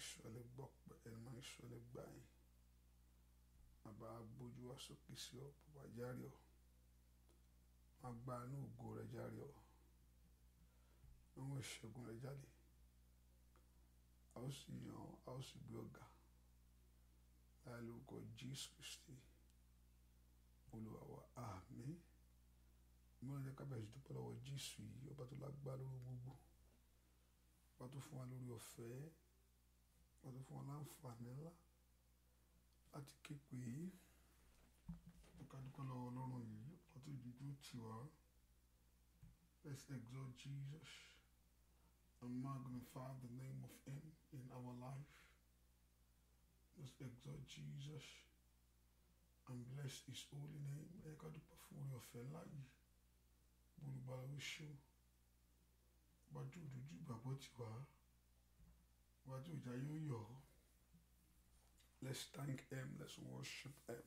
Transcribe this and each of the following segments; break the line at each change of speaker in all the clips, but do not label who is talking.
ìṣọ́lé gbọ́pẹ́ ẹnu mọ́ ìṣọ́lé gbàyìn bàbá gbójú wá sókè sí ọ bàbá járe ọ máa gba inú ògo rẹ járe ọ àwọn ìṣẹ́gun rẹ jáde a ó sì yàn a ó sì gbé ọ̀gá láì lórúkọ Jésù Kristi Olúwa wa àmín mìíràn jẹ́ kábíyèsí dúpẹ́ lọ́wọ́ Jésù yìí ọba tó lágbá lórí gbogbo ọba tó fún wa lórí ọ̀fẹ́ pẹ̀lú fún wọn láǹfààní ńlá láti ké pé ọ̀kadùkọ́ lọ́wọ́ ọlọ́run yìí wọ́n tó dúdú tì wá. Let's exalt Jesus and magnify the name of Him in our life. Let's exalt Jesus and bless His holy name. Ẹ̀kadùkọ́ fún orí ọ̀fẹ́ láàyè. Gbogbo àlọ́ Bàjọ́ òdòdó ìgbàgbọ́ ti wá let's thank him let's worship him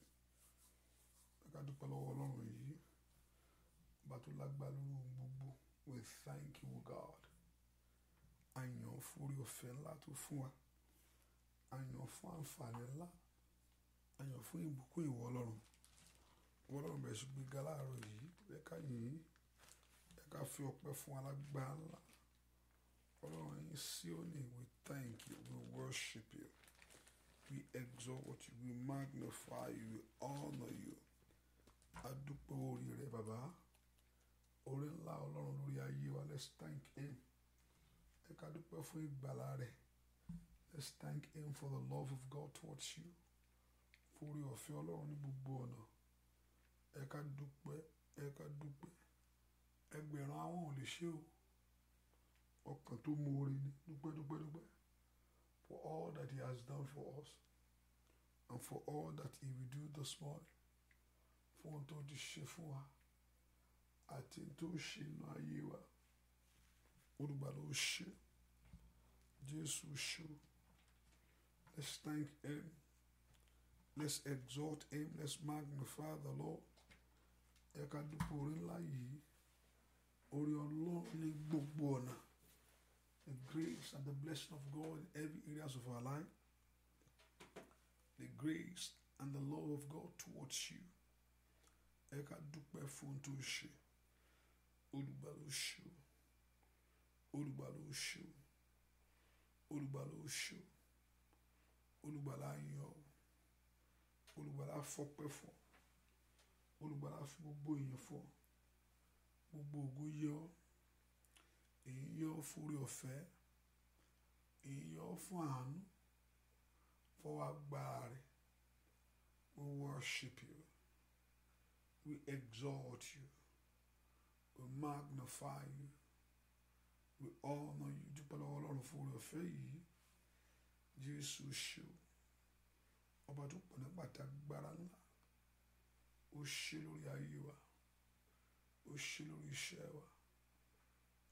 we thank you God I know for your ńlá tó fún wa àyàn fún àǹfààní ńlá àyàn fún ìbùkún ìwọ ọlọ́run ìwọ ọlọ́run bẹ̀rẹ̀ sí gbígbá láàárọ̀ yìí ẹ ká yìí ẹ ká fi ọpẹ́ fún alágbára ńlá ọlọ́run yìí thank you. We worship you. We exalt you. We magnify you. We honor you. Adúpẹ́ orí rẹ bàbá. Orí ńlá Ọlọ́run lórí ayé wa. Let's thank him. Eka ká dúpẹ́ fún ìgbàlá Let's thank him for the love of God towards you. Fúri ọ̀fẹ́ Ọlọ́run ní gbogbo ọ̀nà. Ẹ ká dúpẹ́. Ẹ ká dúpẹ́. Ẹgbẹ̀rún àwọn ò lè ṣe o ọkàn tó moore ni dúpẹ́ dúpẹ́ dúpẹ́ for all that he has done for us and for all that he will do this morning fún ohun tó ti ṣe fún wa àti tó ṣe inú ayé wa olùgbà ló ṣe Jésù ṣe let's thank him let's exalt him let's magnify the Lord ẹ̀ka dúpọ̀ orí ńlá yìí orí Ọlọ́run ní gbogbo ọ̀nà the grace and the blessing of God in every areas of our life, the grace and the love of God towards you. Ẹ ká dúpẹ́ fún ohun tó ṣe, olùgbà ló ṣe o, olùgbà ló ṣe o, olùgbà ló ṣe o, olùgbà la èyí ó fún orí ọ̀fẹ́ èyí ó fún àánú fọwọ́ agbára we worship you we exalt you we magnify you we honor you dúpẹ́ lọ́wọ́ ọlọ́run fún orí ọ̀fẹ́ yìí jésù ṣe o ọba tó pọ̀ nípa tagbára ńlá ó ṣe lórí ayé wa ó ṣe lórí iṣẹ́ wa.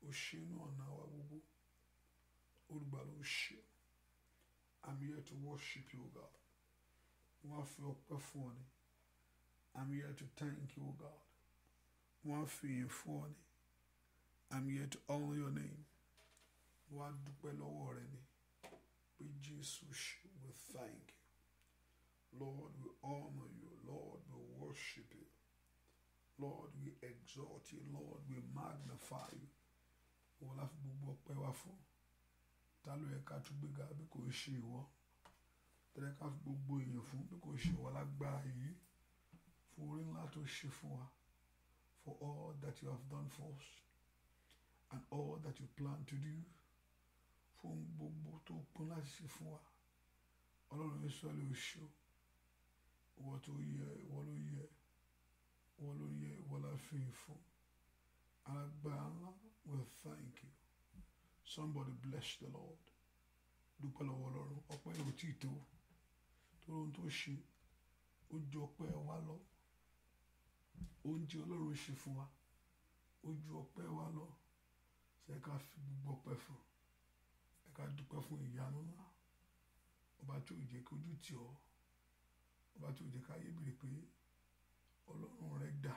o ṣe inú ọ̀nà i I'm here to worship you God One á fi ọpẹ́ I'm here to thank you God One á fi yìn I'm here to honour your name wọ́n á dúpẹ́ lọ́wọ́ rẹ We, Jesus, will we thank you Lord we honour you Lord we worship you. Lord, we exalt you. Lord, we magnify you. ìwọ la fi gbogbo ọpẹ́ wa fún ta ló yẹ ká tún gbéga bí kò ṣe ìwọ tẹ́lẹ̀ ká fi gbogbo èèyàn fún bí kò ṣe ìwọ lágbára yìí fún orí ńlá tó ṣe fún wa for all that you have done for us and all that you plan to do fún gbogbo tó kún láti ṣe fún wa ọlọ́run yóò sọ lè ṣó ìwọ tó yẹ ìwọ ló yẹ ìwọ ló yẹ ìwọ la fi fún agbára will thank you somebody bless the lord dúpẹ́ lọ́wọ́ ọlọ́run ọpẹ́ yóò tí ì tó torí ohun tó ṣe ó ju ọpẹ́ wa lọ ohun tí ọlọ́run ṣe fún wa ó ju ọpẹ́ wa lọ ṣe ká fi gbogbo ọpẹ́ fún ẹ ká dúpẹ́ fún ìyanu náà ọba tí ò jẹ́ kí ojú tì ọ́ ọba tí ò jẹ́ ká yé pé ọlọ́run rẹ̀ dà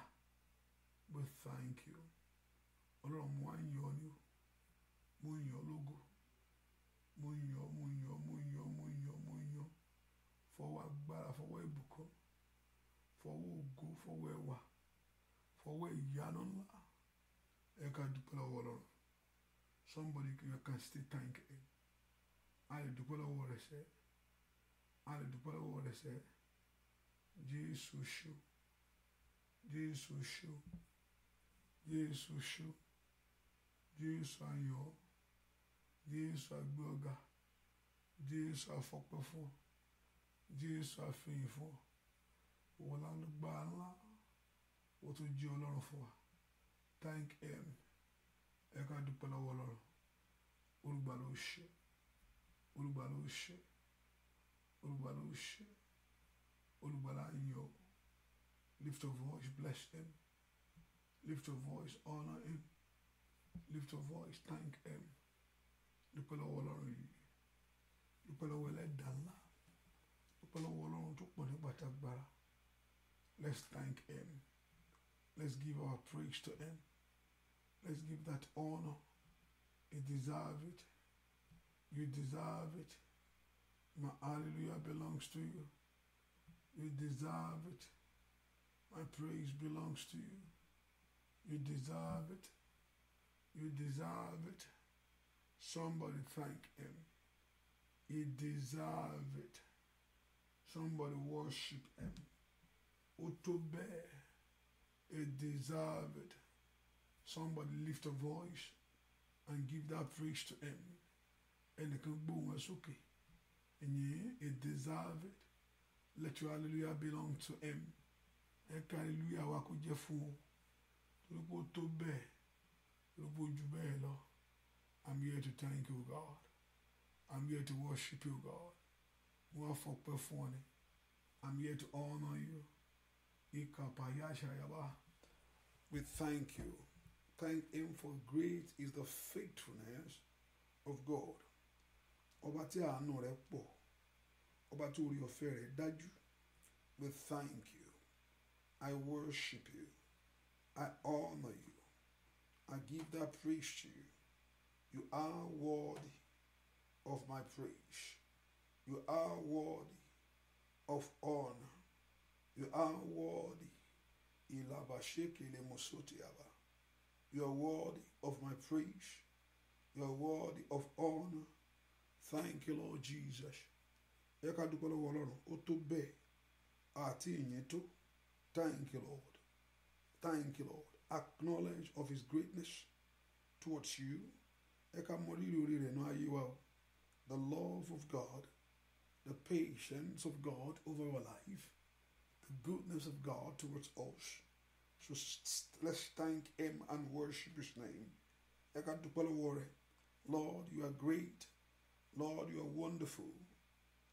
we thank you. Ọlọ́run mo wá ń yọ ní o. Mo ń yọ lógo. Mo ń yọ, mo ń yọ, mo ń yọ, mo ń yọ, mo ń yọ. Fọwọ́ agbára, fọwọ́ ìbùkún, fọwọ́ ògo, fọwọ́ ẹwà, fọwọ́ ìyanu ńlá. Ẹ ká dúpẹ́ lọ́wọ́ Ọlọ́run. Somebody you can still thank him. A lè dúpẹ́ lọ́wọ́ rẹ̀ sẹ́. A lè dúpẹ́ lọ́wọ́ rẹ̀ sẹ́. Jésù ṣó. Jésù ṣó. Jésù ṣó. Jésù ayọ̀ Jésù agbé ọ̀gá Jésù afọ́pẹ́ fún Jésù afẹ́yìn fún òun là ń gba ńlá ó tún jí Ọlọ́run fún wa thank him ẹ ká dúpẹ́ lọ́wọ́ Ọlọ́run olùgbà ló ṣe olùgbà ló ṣe olùgbà ló ṣe olùgbà là ń lift your voice bless him lift your voice honor him. Lift your voice, thank Him. Ọlọ́run tagbára. Let's thank Him. Let's give our praise to Him. Let's give that honor. He deserves it. You deserve it. My hallelujah belongs to you. You deserve it. My praise belongs to you. You deserve it. You deserve it. Somebody thank Him. He deserve it. Somebody worship Him. Otobe, he deserve it. Somebody lift a voice and give that praise to Him. ẹnìkan gbóhùn ẹ sókè ẹ̀yìn it deserve it let your hallelujah belong to him ẹ̀ka hallelujah wakujefu. kò jẹ́ I'm here to thank you, God. I'm here to worship you, God. Wọ́n I'm here to honor you. We thank you. Thank him for great is the faithfulness of God. Ọba tí àánú rẹ̀ pọ̀. you. We thank you. I worship you. I honor you. I give that praise to you. You are worthy of my praise. You are worthy of honor. You are worthy. You are worthy of my praise. You are worthy of honor. Thank you, Lord Jesus. Ẹ ká dúpẹ́ lọ́wọ́ àti ìyẹn Thank you, Lord. Thank you, Lord acknowledge of his greatness towards you. The love of God, the patience of God over our life, the goodness of God towards us. So let's thank Him and worship His name. Lord, you are great. Lord, you are wonderful.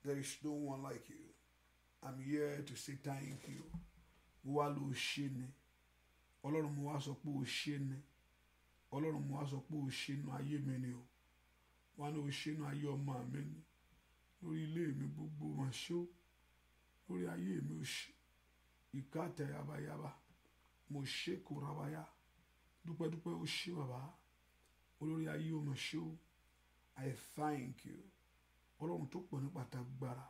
There is no one like you. I'm here to say thank you. Wá ọlọ́run mo wá sọ pé o ṣe ni ọlọ́run mo wá sọ pé o ṣe nu ayé mi ni o wá ní o ṣe nu ayé ọmọ mi ni lórí ilé mi gbogbo wọn ṣe o lórí ayé mi o ṣe ìka tẹ yabayaba mo ṣe kò rabaya dúpẹ́dúpẹ́ o ṣe bàbá olórí ayé o mọ̀ ṣe o I thank you ọlọ́run tó pọ̀ nípa tagbára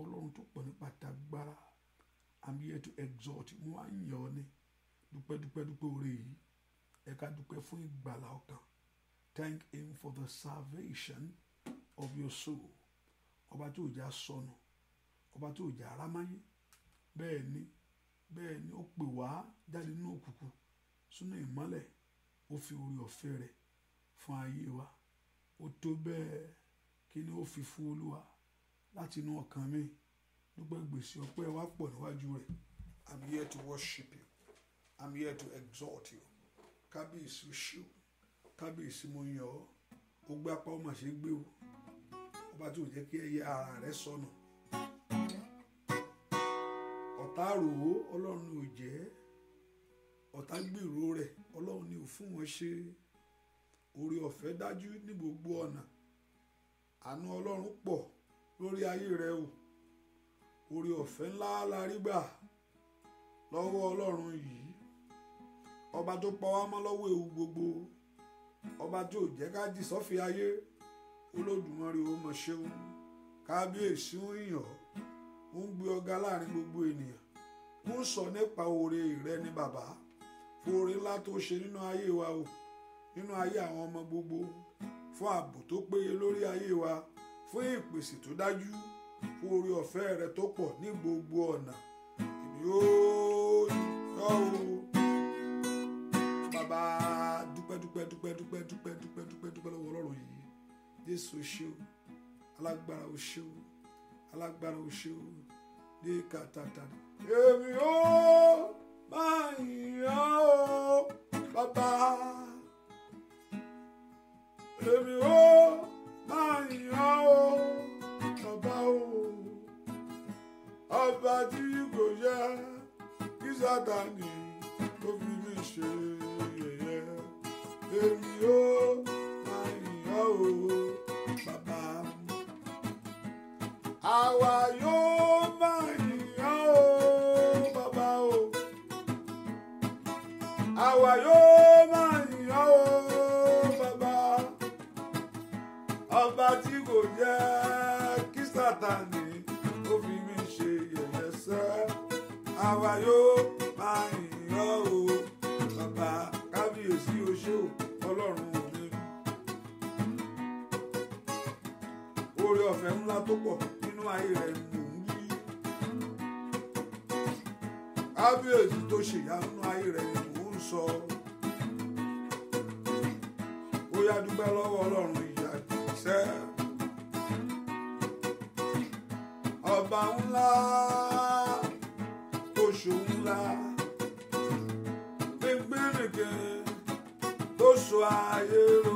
ọlọ́run tó pọ̀ nípa tagbára I'm here to exalt mo wá yàn ọ́ ni dúpẹ́ dúpẹ́ dúpẹ́ oore yìí ẹ ká dúpẹ́ fún ìgbàlá ọkàn thank him for the salvation of your soul ọba tí ò já sọnù ọba tí ò já aramáyé bẹ́ẹ̀ ni bẹ́ẹ̀ ni ó pè wá jáde nínú òkùnkùn sínú ìmọ́lẹ̀ ó fi oore ọ̀fẹ́ rẹ̀ fún ayé wa ó tó bẹ́ẹ̀ kí ni ó fi fún olúwa láti inú ọkàn mi dúpẹ́ gbèsè ọpẹ́ wa pọ̀ níwájú rẹ̀ I'm here to worship you. I'm here to exhort you. Kábíyèsí ṣí o, kábíyèsí mo yàn ọ́, ó gbé apá ọmọ ṣe gbé o, ọba tí ò jẹ́ kí ẹyẹ ara rẹ sọnù. Ọ̀tá rò ọlọ́run ò jẹ́, ọ̀tá gbèrò rẹ̀, ọlọ́run ni ò fún wọn ṣe. Oore ọ̀fẹ́ dájú ní gbogbo ọ̀nà, àánú ọlọ́run pọ̀ lórí ayé rẹ o oore ọ̀fẹ́ ńlá la rí gbà lọ́wọ́ ọlọ́run yìí ọba tó pa wá mọ́ lọ́wọ́ ewu gbogbo ọba tó jẹ́ ká di sọ́fì ayé olódùmarè ó mọ̀ ṣeun kábíyèsí ń yàn ó ń gbé ọgá láàrin gbogbo ènìyàn ó ń sọ nípa oore rẹ ní bàbá fún ńlá tó ṣe nínú ayé wa o nínú ayé àwọn ọmọ gbogbo fún ààbò tó péye lórí ayé wa fún ìpèsè tó dájú fún oore ọ̀fẹ́ rẹ tó pọ̀ ní gbogbo ọ̀nà èmi ó yọ̀ o. dúpẹ́ dúpẹ́ dúpẹ́ dúpẹ́ dúpẹ́ dúpẹ́ dúpẹ́ lọ́wọ́ ọlọ́run yìí jésù ṣé o alágbára o ṣé o alágbára o ṣé o ní kàtàtà èmi ó máa yìn ọ́ bàbá èmi ó máa yìn ọ́ bàbá o ọba tí kò yẹ kí sátani tó fi mí ṣe èmi ó máa yìn ọ́ o bàbá. àwa yóò máa yìn ọ́ o bàbá o. àwa yóò máa yìn ọ́ o bàbá. ọba tí kò jẹ́ kí Sátánì ó fi mí ṣe yẹ̀yẹ́ sẹ́ àwa yóò. ọ̀fẹ́ ńlá tó pọ̀ nínú ayé rẹ̀ ló ń wí. kábíyèsí tó ṣèyanu ayé rẹ̀ ló ń sọ. ó yá dúpẹ́ lọ́wọ́ ọlọ́run ìyá ìṣẹ́. ọba ńlá oṣù ńlá gbẹgbẹrẹgẹ tó sọ ayé lọ.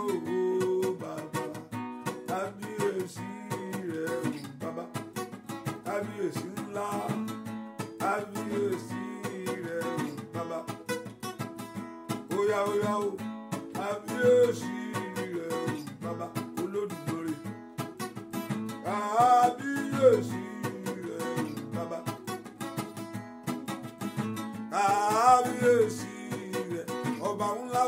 oya oya o kábíyèsí rẹ o bàbá olódùmarè kábíyèsí rẹ o bàbá kábíyèsí rẹ ọba ńlá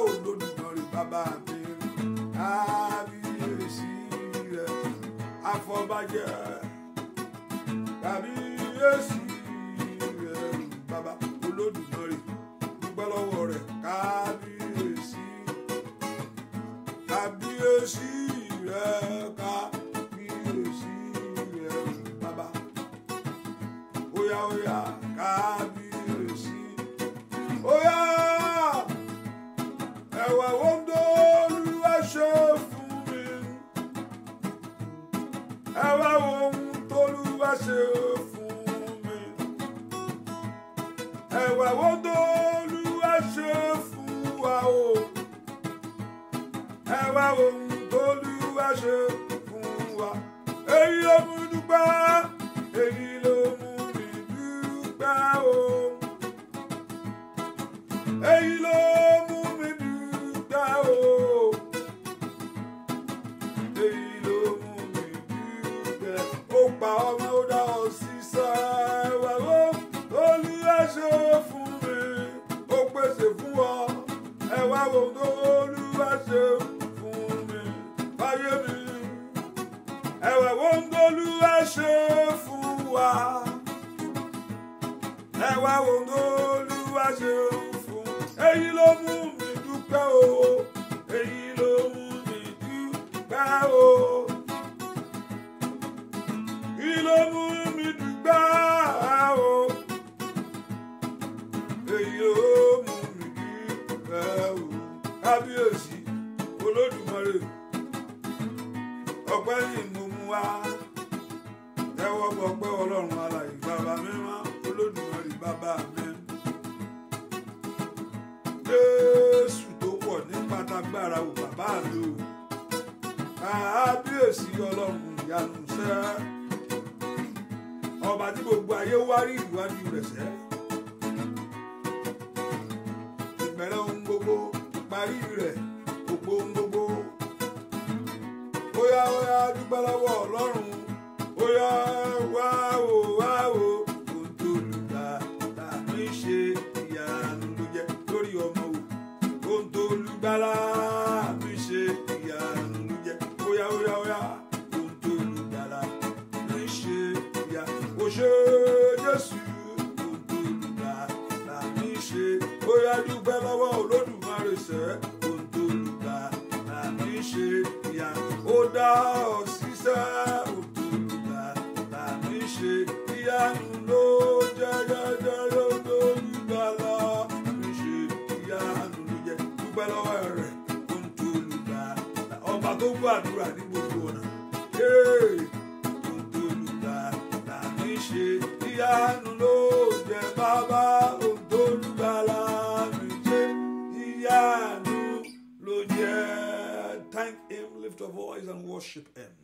worship Him.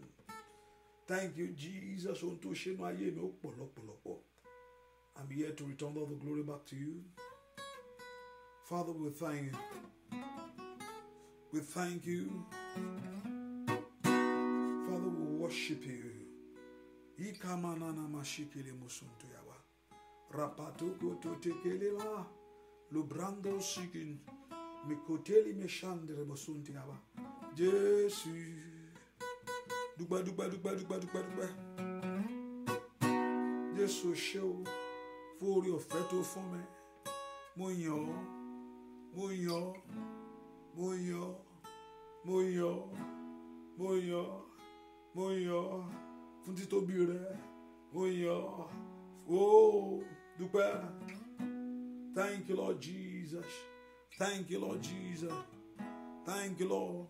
Thank you, Jesus. lọ́pọ̀lọpọ̀. I'm here to return all the glory back to you. Father, we thank you. We thank you. Father, we worship you. Ikamanana mashikile musuntu yawa. to Lubrando sikin. Mikoteli musuntu yawa. Jesus. dúpẹ́ dúpẹ́ dúpẹ́ dúpẹ́ dúpẹ́ dúpẹ́ jésù ṣé o fún orí ọ̀fẹ́ tó fún mi mo yàn ọ́ mo yàn ọ́ mo yàn ọ́ mo yàn ọ́ mo yàn ọ́ mo yàn ọ́ fún títóbi rẹ mo yàn ọ́ oh dúpẹ́ thank you lord jesus thank you lord jesus thank you lord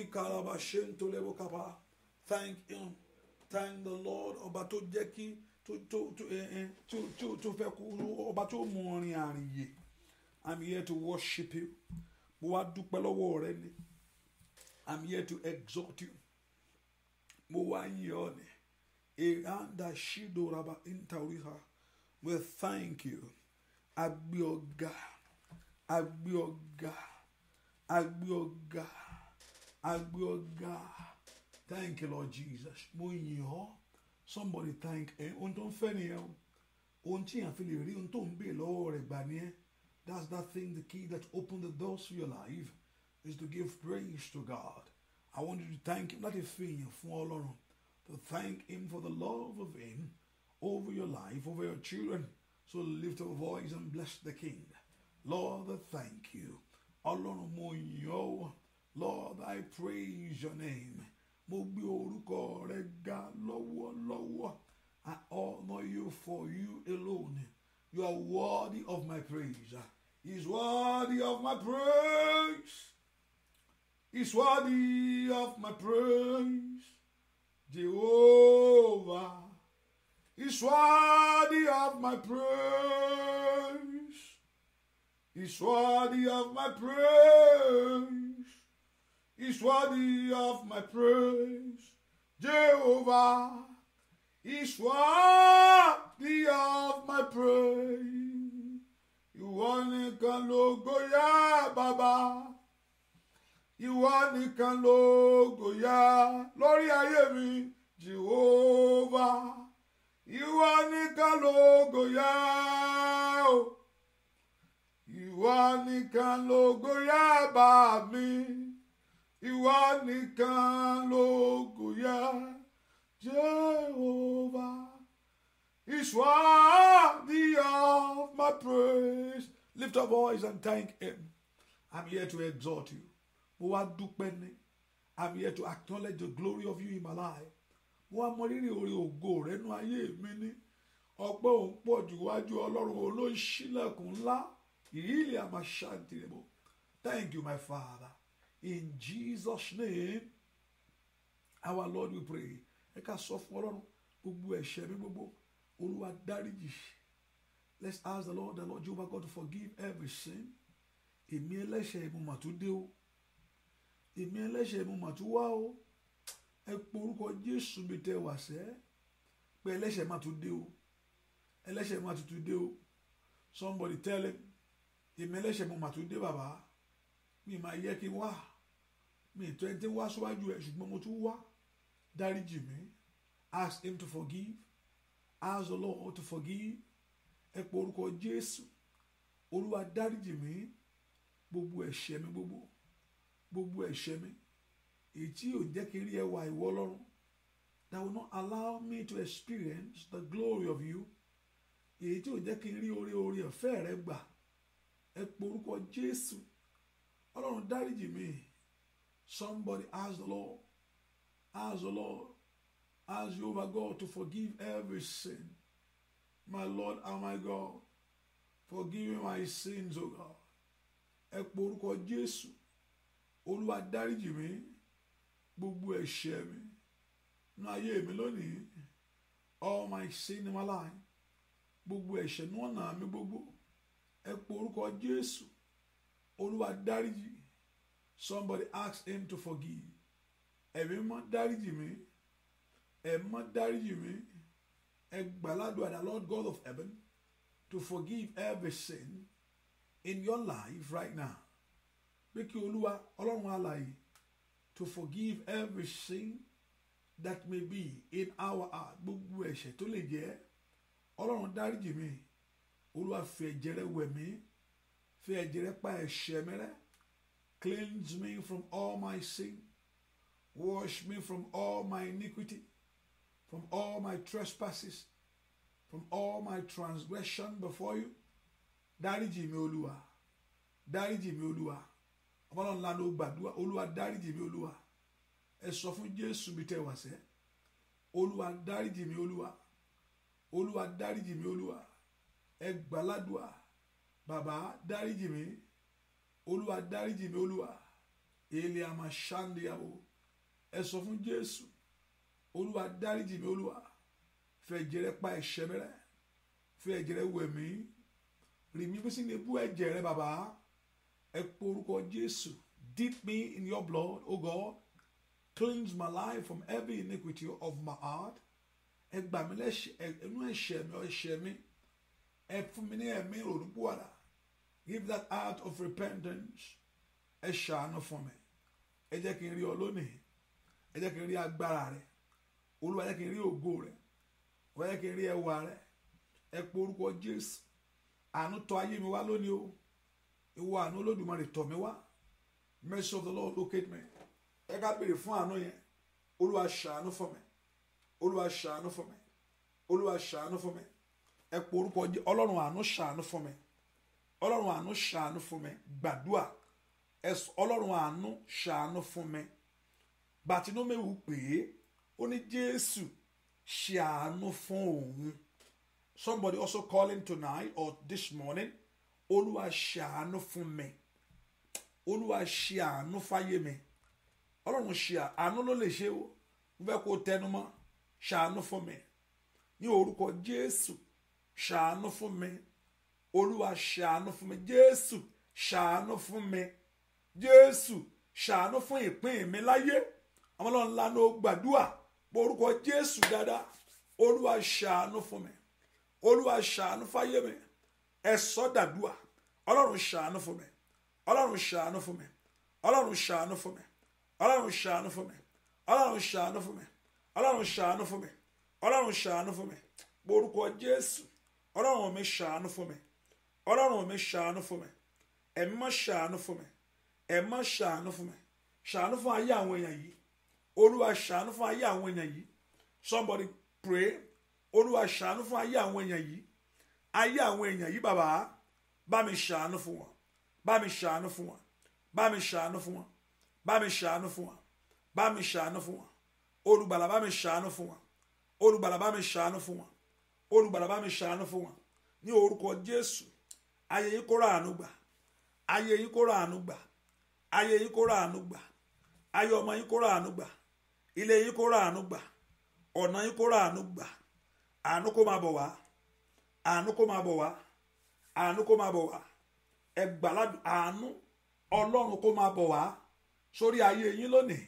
ikaraba ṣe ń tó lẹ́wọ́ kápá thank him thank the lord ọba tó jẹ́ kí tó tó tó eh, eh, tó tó fẹ́ kú ọba tó mú ọrin àrìn yè i'm here to worship you mo wá dúpẹ́ lọ́wọ́ rẹ ni i'm here to exalt you mo wá yìn ọ́ ni ìhàndà ṣídòraba ìntàwíhà we thank you agbé ọ̀gá agbé ọ̀gá agbé ọ̀gá agbé ọ̀gá. Thank you, Lord Jesus. Somebody thank eh, ẹ. That's that thing, the key that opened the doors for your life is to give praise to God. I want you to thank Him, Not fi thing fún Ọlọ́run, to thank Him for the love of Him over your life, over your children. So lift your voice and bless the King. Lord, I thank you. Lord, I praise your name mo gbé orúkọ rẹ ga I honor you for you alone you are worthy of my praise he is worthy of my praise he is worthy of my praise Jehovah he is worthy of my praise he is worthy of my praise is worthy of my praise. Jehovah is worthy of my praise. You nìkan lógo yá bàbá. Ìwọ nìkan lógo yá lórí ayé mi. Jehovah, ìwọ nìkan lógo yá You are nìkan lógo yá bàbá ìwọ nìkan lógo yẹ Jehovah is worthy of my praise lift up voice and thank him I'm here to exhort you mo wá dúpẹ́ ní I'm here to acknowledge the glory of you in my life mo wá mọ rírì orí ògo rẹ nú ayé mi ní ọpẹ́ òun pọ̀ jù wájú ọlọ́run olóṣìlẹ̀kùn ńlá ìrírí rẹ̀ bọ̀ thank you my father. in Jesus name our Lord we pray ẹ ká sọ fún Ọlọ́run gbogbo ẹ̀ṣẹ̀ mi gbogbo Olúwa dáríjì let's ask the Lord the Lord Jehovah God to forgive every sin èmi ẹlẹ́ṣẹ̀ mo mà dé o èmi ẹlẹ́ṣẹ̀ mo mà wá o ẹ pọ orúkọ Jésù mi tẹ wá sẹ́ pé ẹlẹ́ṣẹ̀ mà tún dé o ẹlẹ́ṣẹ̀ mà tún dé o somebody tell him èmi ẹlẹ́ṣẹ̀ mo mà dé bàbá mi mà yẹ kí n wá mi ìtọ́ ẹni tí ń wá síwájú ẹ ṣùgbọ́n mo tún wá dáríjì mi ask him to forgive ask the Lord to forgive ẹ pọ orúkọ Jésù olúwa dáríjì mi gbogbo ẹ̀ṣẹ̀ mi gbogbo gbogbo ẹ̀ṣẹ̀ mi èyí tí yóò jẹ́ kí n rí ẹwà ìwọ ọlọ́run that will not allow me to experience the glory of you èyí tí yóò jẹ́ kí n rí oore oore ọ̀fẹ́ rẹ gbà ẹ pọ orúkọ Jésù ọlọ́run dáríjì mi. Somebody ask the Lord, ask the Lord, ask Jehovah God to forgive every sin. My Lord and my God, forgive me my sins, O God. Ẹ pe orúkọ Jésù, Olúwa dáríjì mi, gbogbo ẹ̀ṣẹ̀ mi, nínú ayé mi lónìí, all my sin in my life, gbogbo ẹ̀ṣẹ̀ ní ọ̀nà mi gbogbo. Ẹ pe orúkọ Jésù, Olúwa dáríjì, somebody asked him to forgive ẹ̀mí mọ́ dáríjì mi ẹ̀mọ́ dáríjì mi ẹgbàládùá the lord god of heaven to forgive every sin in your life right now pé kí olúwa ọlọ́run alààyè to forgive every sin that may be in our heart gbogbo ẹ̀ṣẹ̀ tó lè jẹ́ ọlọ́run dáríjì mi olúwa fi ẹ̀jẹ̀ rẹ wẹ̀ mí fi ẹ̀jẹ̀ rẹ pa ẹ̀ṣẹ̀ mi Cleanse me from all my sin. Wash me from all my iniquity, from all my trespasses, from all my transgression before you. Dáríjì mi Olúwa. Dáríjì mi Olúwa. Ọmọlọ́run ńlá ló gbàdúrà. Olúwa dáríjì mi Olúwa. Ẹ sọ fún Jésù mi tẹ́ wá sẹ́. Olúwa dáríjì mi Olúwa. Olúwa dáríjì mi Olúwa. Ẹ gbàládùá. Bàbá dáríjì mi olúwa dáríjì mi olúwa èlé àmà ṣàǹdíyàwó ẹ sọ fún jésù olúwa dáríjì mi olúwa fi ẹ̀jẹ̀ rẹ pa ẹ̀ṣẹ̀ mi rẹ́ fi ẹ̀jẹ̀ rẹ wẹ̀ mí rì mí bí sínú ebú ẹ̀jẹ̀ rẹ bàbá ẹ po orúkọ jésù dip me in your blood o oh god cleanse my life from every iniquity of my heart ẹ gbà mí lẹ́ṣẹ̀ ẹ inú ẹ̀ṣẹ̀ mi ẹ̀ṣẹ̀ mi ẹ fún mi ní ẹ̀mí ìrònú púwàdà give that heart of repentance ẹ ṣàánú fún mi ẹ jẹ́ kí n rí ọ lónìí ẹ jẹ́ kí n rí agbára rẹ olúwa jẹ́ kí n rí ògo rẹ olúwa jẹ́ kí n rí ẹwà rẹ ẹ pọ orúkọ jésù àánú tọ ayé mi wá lónìí o ìwọ àánú olódùmarè tọ̀ mí wá mercy of the lord locate me ẹ ká béèrè fún àánú yẹn olúwa ṣàánú fún mi olúwa ṣàánú fún mi olúwa ṣàánú fún mi ẹ pọ orúkọ ọlọ́run àánú ṣàánú fún mi ọlọ́run àánú ṣàánú fún mi gbàdúà ọlọ́run àánú ṣàánú fún mi bàtínúmẹ́wù pè é ó ní jésù ṣàánú fún òun somebody also calling tonight or this morning olúwa ṣàánú fún mi olúwa ṣàánú fáyé mi ọlọ́run ṣàánú ló lè ṣe o mo fẹ́ kó tẹnumọ́ ṣàánú fún mi ní orúkọ jésù ṣàánú fún mi olúwa ṣàánú fún mi jésù ṣàánú fún mi jésù ṣàánú fún ìpín mi láyé àwọn ọlọ́run lánàá ó gbàdúà pé orúkọ jésù dáadáa olúwa ṣàánú fún mi olúwa ṣàánú fáyé mi ẹ sọ dàdúà ọlọ́run ṣàánú fún mi ọlọ́run ṣàánú fún mi ọlọ́run ṣàánú fún mi ọlọ́run ṣàánú fún mi ọlọ́run ṣàánú fún mi ọlọ́run ṣàánú fún mi ọlọ́run ṣàánú fún mi pé orúkọ jésù ọlọ́run mi ṣàánú fún mi ọlọ́run mi ṣàánú fún mi ẹ̀mí mọ́ ṣàánú fún mi ẹ̀mí mọ́ ṣàánú fún mi ṣàánú fún ayé àwọn èèyàn yìí olúwa ṣàánú fún ayé àwọn èèyàn yìí somebody pray olúwa ṣàánú fún ayé àwọn èèyàn yìí ayé àwọn èèyàn yìí bàbá bá mi ṣàánú fún wọn bá mi ṣàánú fún wọn bá mi ṣàánú fún wọn bá mi ṣàánú fún wọn bá mi ṣàánú fún wọn olùgbàlà bá mi ṣàánú fún wọn olùgbàlà bá mi ṣàánú fún wọn olùgbàlà bá mi ṣàánú fún wọn ní orúkọ jésù ayé yín anugba ràánú gbà ayé yín kó ràánú gbà ayé yín kó ràánú gbà ayé ọmọ yín kó ràánú gbà ilé yín kó ràánú gbà ọ̀nà yín kó ràánú gbà àánú kó máa bọ̀ wá àánú kó máa bọ̀ wá àánú kó máa bọ̀ wá ẹgbàládùn àánú ọlọ́run kó máa bọ̀ wá sórí ayé yín lónìí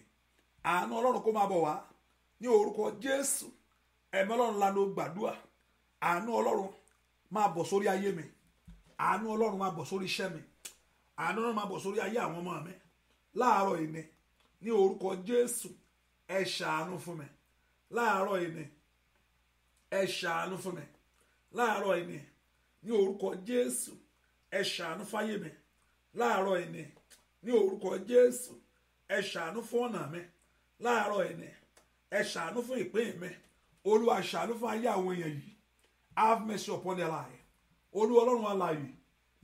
àánú ọlọ́run máa bọ̀ sórí iṣẹ́ mi àánú ọlọ́run máa bọ̀ sórí ayé àwọn ọmọ mi láàárọ̀ ìní ní orúkọ jésù ẹ ṣàánú fún mi láàárọ̀ ìní ẹ ṣàánú fún mi láàárọ̀ ìní ní orúkọ jésù ẹ ṣàánú fáyé mi láàárọ̀ ìní ní orúkọ jésù ẹ ṣàánú fún ọ̀nà mi láàárọ̀ ìní ẹ ṣàánú fún ìpín mi olúwa ṣàánú fún ayé àwọn èèyàn yìí have mercy upon their life olú ọlọ́run alààyè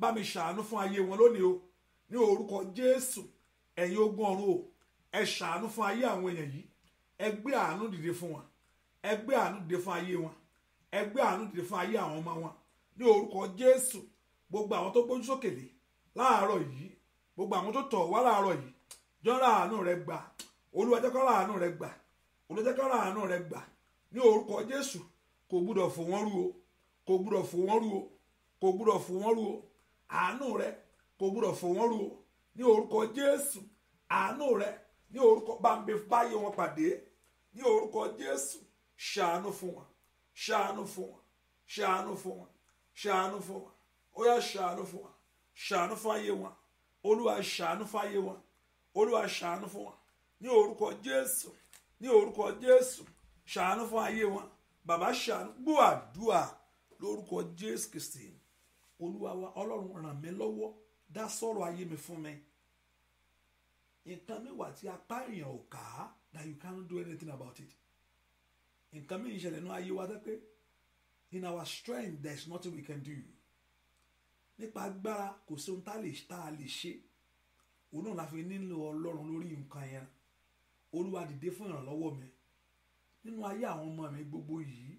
bá mi ṣàánú fún ayé wọn lónìí o ní orúkọ jésù ẹ̀yin ogun ọ̀run o ẹ ṣàánú fún ayé àwọn èèyàn yìí ẹ gbé àánú dìde fún wọn ẹ gbé àánú dìde fún ayé wọn ẹ gbé àánú dìde fún ayé àwọn ọmọ wọn ní orúkọ jésù gbogbo àwọn tó gbójú sókè lé láàárọ̀ yìí gbogbo àwọn tó tọ̀ wá láàárọ̀ yìí jọ́ra àánú rẹ gbà olúwa jẹ́ kó ra àánú rẹ gbà olúwa jẹ́ kó rẹ gbà ní orúkọ jésù kò gbúdọ̀ fò wọ́n rú o kò gbúdọ̀ fò wọ́n rú o kò gbúdọ̀ fò wọ́n rú o àánú rẹ kò gbúdọ̀ fò wọ́n rú o ní orúkọ jésù àánú rẹ ní orúkọ bámbé báyé wọn pàdé ní orúkọ jésù ṣàánú fún wọn ṣàánú fún wọn ṣàánú fún wọn ṣàánú fún wọn ó yá ṣàánú fún wọn ṣàánú fún ayé wọn olúwa ṣàánú fún ayé wọn olúwa ṣàánú fún wọn ní orúkọ jésù ní orúkọ jésù ṣàánú fún ayé wọn bàbá ṣàánú gbọ́ lórúkọ jésù kìsìtì olúwa wa ọlọ́run ràn mí lọ́wọ́ dá sọ̀rọ̀ ayé mi fún mi nǹkan mi wà tí apá èèyàn ò kà á that you can't do anything about it nǹkan mi ń ṣẹlẹ̀ ní ayé wa dẹ́ pé in our strength there is nothing we can do nípa agbára kò sí ohun tá a lè ṣe òun náà la fi nílò ọlọ́run lórí nǹkan yẹn olúwa dìde fún ìrànlọ́wọ́ mi nínú ayé àwọn ọmọ mi gbogbo yìí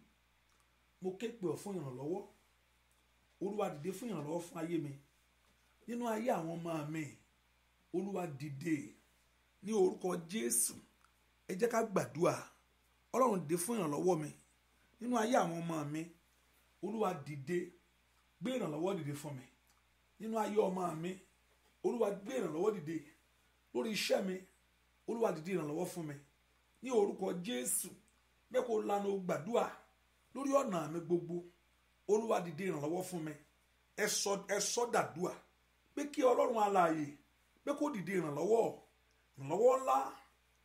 mo ké pè ọ́ fún ìrànlọ́wọ́ olúwa dìde fún ìrànlọ́wọ́ fún ayé mi nínú ayé àwọn ọmọ mi olúwa dìde ní orúkọ jésù ẹ jẹ́ ká gbàdúrà ọlọ́run dìde fún ìrànlọ́wọ́ mi nínú ayé àwọn ọmọ mi olúwa dìde gbé ìrànlọ́wọ́ dìde fún mi nínú ayé ọmọ mi olúwa gbé ìrànlọ́wọ́ dìde lórí iṣẹ́ mi olúwa dìde ìrànlọ́wọ́ fún mi ní orúkọ jésù bẹ́ẹ̀ kó lanu gbàdúrà lórí ọ̀nà mi gbogbo olúwa dìde ìrànlọ́wọ́ fún mi ẹ sọ dàdúà pé kí ọlọ́run alààyè pé kó dìde ìrànlọ́wọ́ ìrànlọ́wọ́ ńlá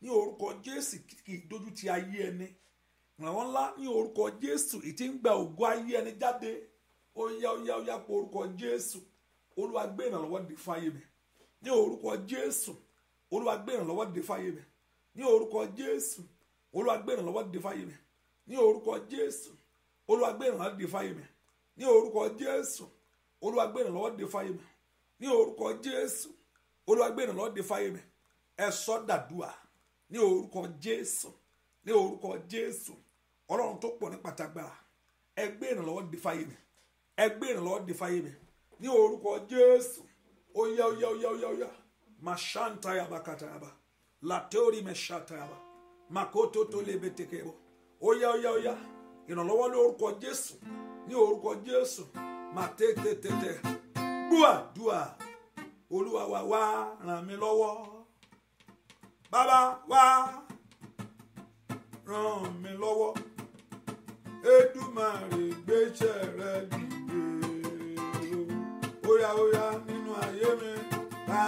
ní orúkọ jésù kìí dojú ti ayé ẹni ìrànlọ́wọ́ ńlá ní orúkọ jésù ìtí ń gba ògo ayé ẹni jáde ó yá ó yá ó yá pé orúkọ jésù olúwa gbé ìrànlọ́wọ́ dé fáyé mi ní orúkọ jésù olúwa gbé ìrànlọ́wọ́ dé fáyé mi ní orúkọ jésù olúwa gbé ìrànlọ́wọ́ dé fáyé mi ní orúkọ jésù olúwa ìrànlọ́wọ́ dé fáyé mi ní orúkọ jésù olúwa gbé ìrànlọ́wọ́ dé fáyé mi ní orúkọ jésù olúwa gbé ìrànlọ́wọ́ dé fáyé mi ẹ sọ dàdúà ní orúkọ jésù ní orúkọ jésù ọlọ́run tó pọ̀ ní pàtàgbára ẹ gbé ìrànlọ́wọ́ dé fáyé mi ẹ gbé ìrànlọ́wọ́ dé fáyé mi ní orúkọ jésù oyá oyá oyá oyá oyá mashantayaba katayaba latori meshatayaba makoto tó lebe tekebo oyá oyá oyá ìrànlọ́wọ́ lórúkọ jésù ní orúkọ jésù máa tètè gbúàdúà olúwa wa wá ràn mí lọ́wọ́ bàbá wá ràn mí lọ́wọ́ Èdùmàrè gbéṣẹ́ rẹ dìde óyá óyá nínú ayé mi bá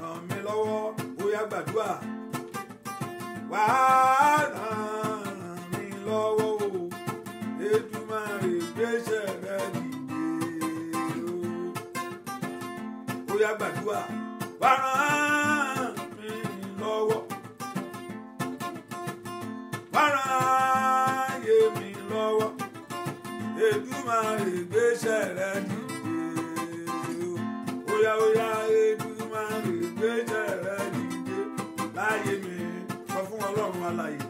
ràn mí lọ́wọ́ óyá gbàdúà wá yá gbàdúrà wá ràn lọ́wọ́ wá ràn mi lọ́wọ́ Èdùmàrè gbéṣẹ́ rẹ dìde óyá óyá Èdùmàrè rẹ dìde láyé mi sọ fún Ọlọ́run alààyè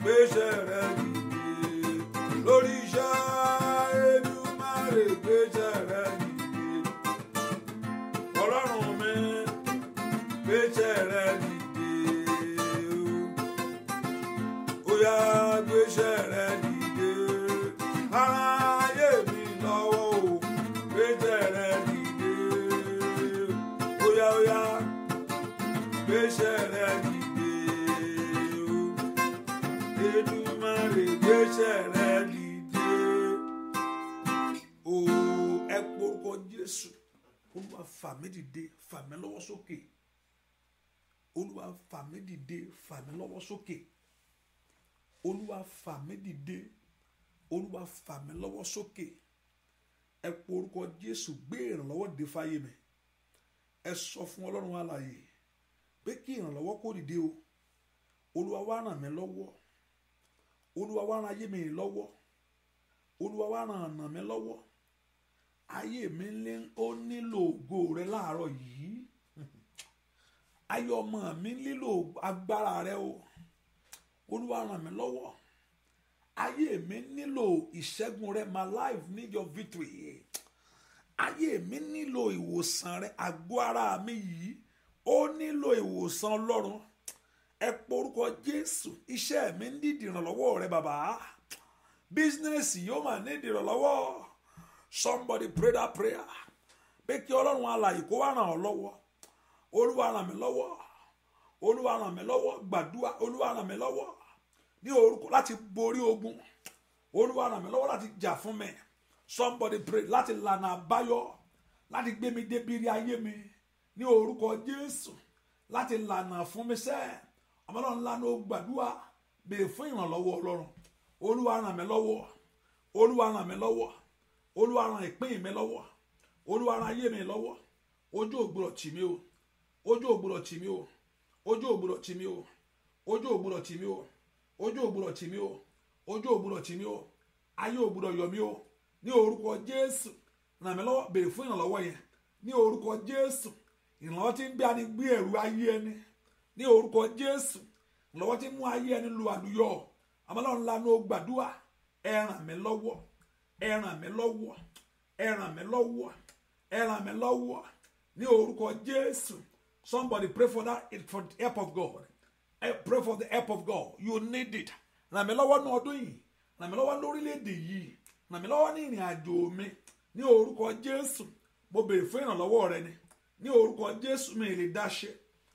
gbéṣẹ́ rẹ dìde lórí iṣẹ́. olúwa fà mí dìde fà mí lọ́wọ́ sókè olúwa fà mí dìde fà mí lọ́wọ́ sókè olúwa fà mí dìde olúwa fà mí lọ́wọ́ sókè ẹ po jésù gbé ìrànlọ́wọ́ dé fáyé mi ẹ sọ fún ọlọ́run alààyè pé kí ìrànlọ́wọ́ kó dìde o olúwa wá ràn mí lọ́wọ́ olúwa wá ràn ayé mi lọ́wọ́ olúwa wá ràn ọ̀nà mi lọ́wọ́ ayé mi ní ó nílò ògo rẹ láàárọ̀ yìí ayé ọmọ mi nílò agbára rẹ o olúwa ràn mí lọ́wọ́ ayé mi nílò ìṣẹ́gun rẹ my life need your victory ayé mi nílò ìwòsàn rẹ àgọ́ ara mi yìí ó nílò ìwòsàn ọlọ́run ẹ porúkọ jésù iṣẹ́ mi ń dìdì ìrànlọ́wọ́ rẹ bàbá bísínẹ́sì yóò máa ní ìdìrànlọ́wọ́ somebody pray that prayer pé kí ọlọ́run alààyè kó wá ràn ọ́ lọ́wọ́ olúwa ràn mí lọ́wọ́ olúwa ràn mí lọ́wọ́ ogun olúwa ràn mí lọ́wọ́ láti jà fún mi somebody pray láti lànà àbáyọ láti gbé mi débi rí ayé mi ní orúkọ jésù láti lànà fún mi ọmọlọ́run lánà ó gbàdúrà fún ìrànlọ́wọ́ olu ran ìpín mi lọ́wọ́ olúwa ran ayé mi lọ́wọ́ ojú ògbúrọ̀ tì mí o ojú ògbúrọ̀ tì mí o ojú ògbúrọ̀ tì mí o ojú ògbúrọ̀ tì mí o ojú ògbúrọ̀ tì mí o ojú ògbúrọ̀ tì mí o ayé ògbúrọ̀ yọ mí o ní orúkọ jésù ràn mí lọ́wọ́ fún ìrànlọ́wọ́ yẹn ní orúkọ jésù ìrànlọ́wọ́ ń ani gbé ayé ẹni ẹ ràn mí lọ́wọ́ ẹ ràn mí lọ́wọ́ ẹ ràn mí lọ́wọ́ ní orúkọ Jésù somebody pray for that for the help of God pray for the help of God you need it ràn mí lọ́wọ́ ní ọdún yìí ràn mí lọ́wọ́ lórílẹ̀‐èdè yìí ràn mí lọ́wọ́ ní ìrìn àjò mi ní orúkọ Jésù mo béèrè fún ìrànlọ́wọ́ rẹ ni ní orúkọ Jésù mi lè dá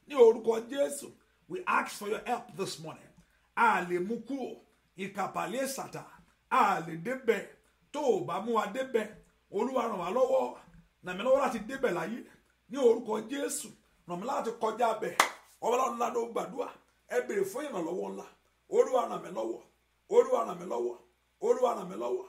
ní orúkọ Jésù we ask for your help this morning a lè mú kúrò ìkàpàlẹ́ sàtà a lè débẹ̀ tó o bá mú wa débẹ̀ olúwa ràn wá lọ́wọ́ ràn mí lọ́wọ́ láti débẹ̀ láyé ní orúkọ jésù ràn mí láti kọjá bẹ̀ ọlọ́run ńlá ló gbàdúrà ẹ béèrè fún ìrànlọ́wọ́ ńlá olúwa ràn mí lọ́wọ́ olúwa ràn mí lọ́wọ́ olúwa ràn mí lọ́wọ́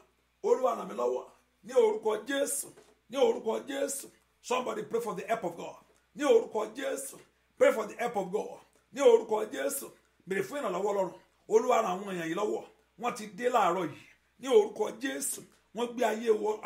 olúwa ràn mí lọ́wọ́ ní orúkọ jésù ní orúkọ jésù somebody pray for the help of god ní orúkọ jésù pray for the help of god ní orúkọ jésù béèrè fún ìrànlọ́wọ́ ọlọ́run olúwa ràn àwọn èèyàn yìí lọ́wọ́ wọ́n ti dé láàárọ̀ yìí ní orúkọ jésù wọ́n gbé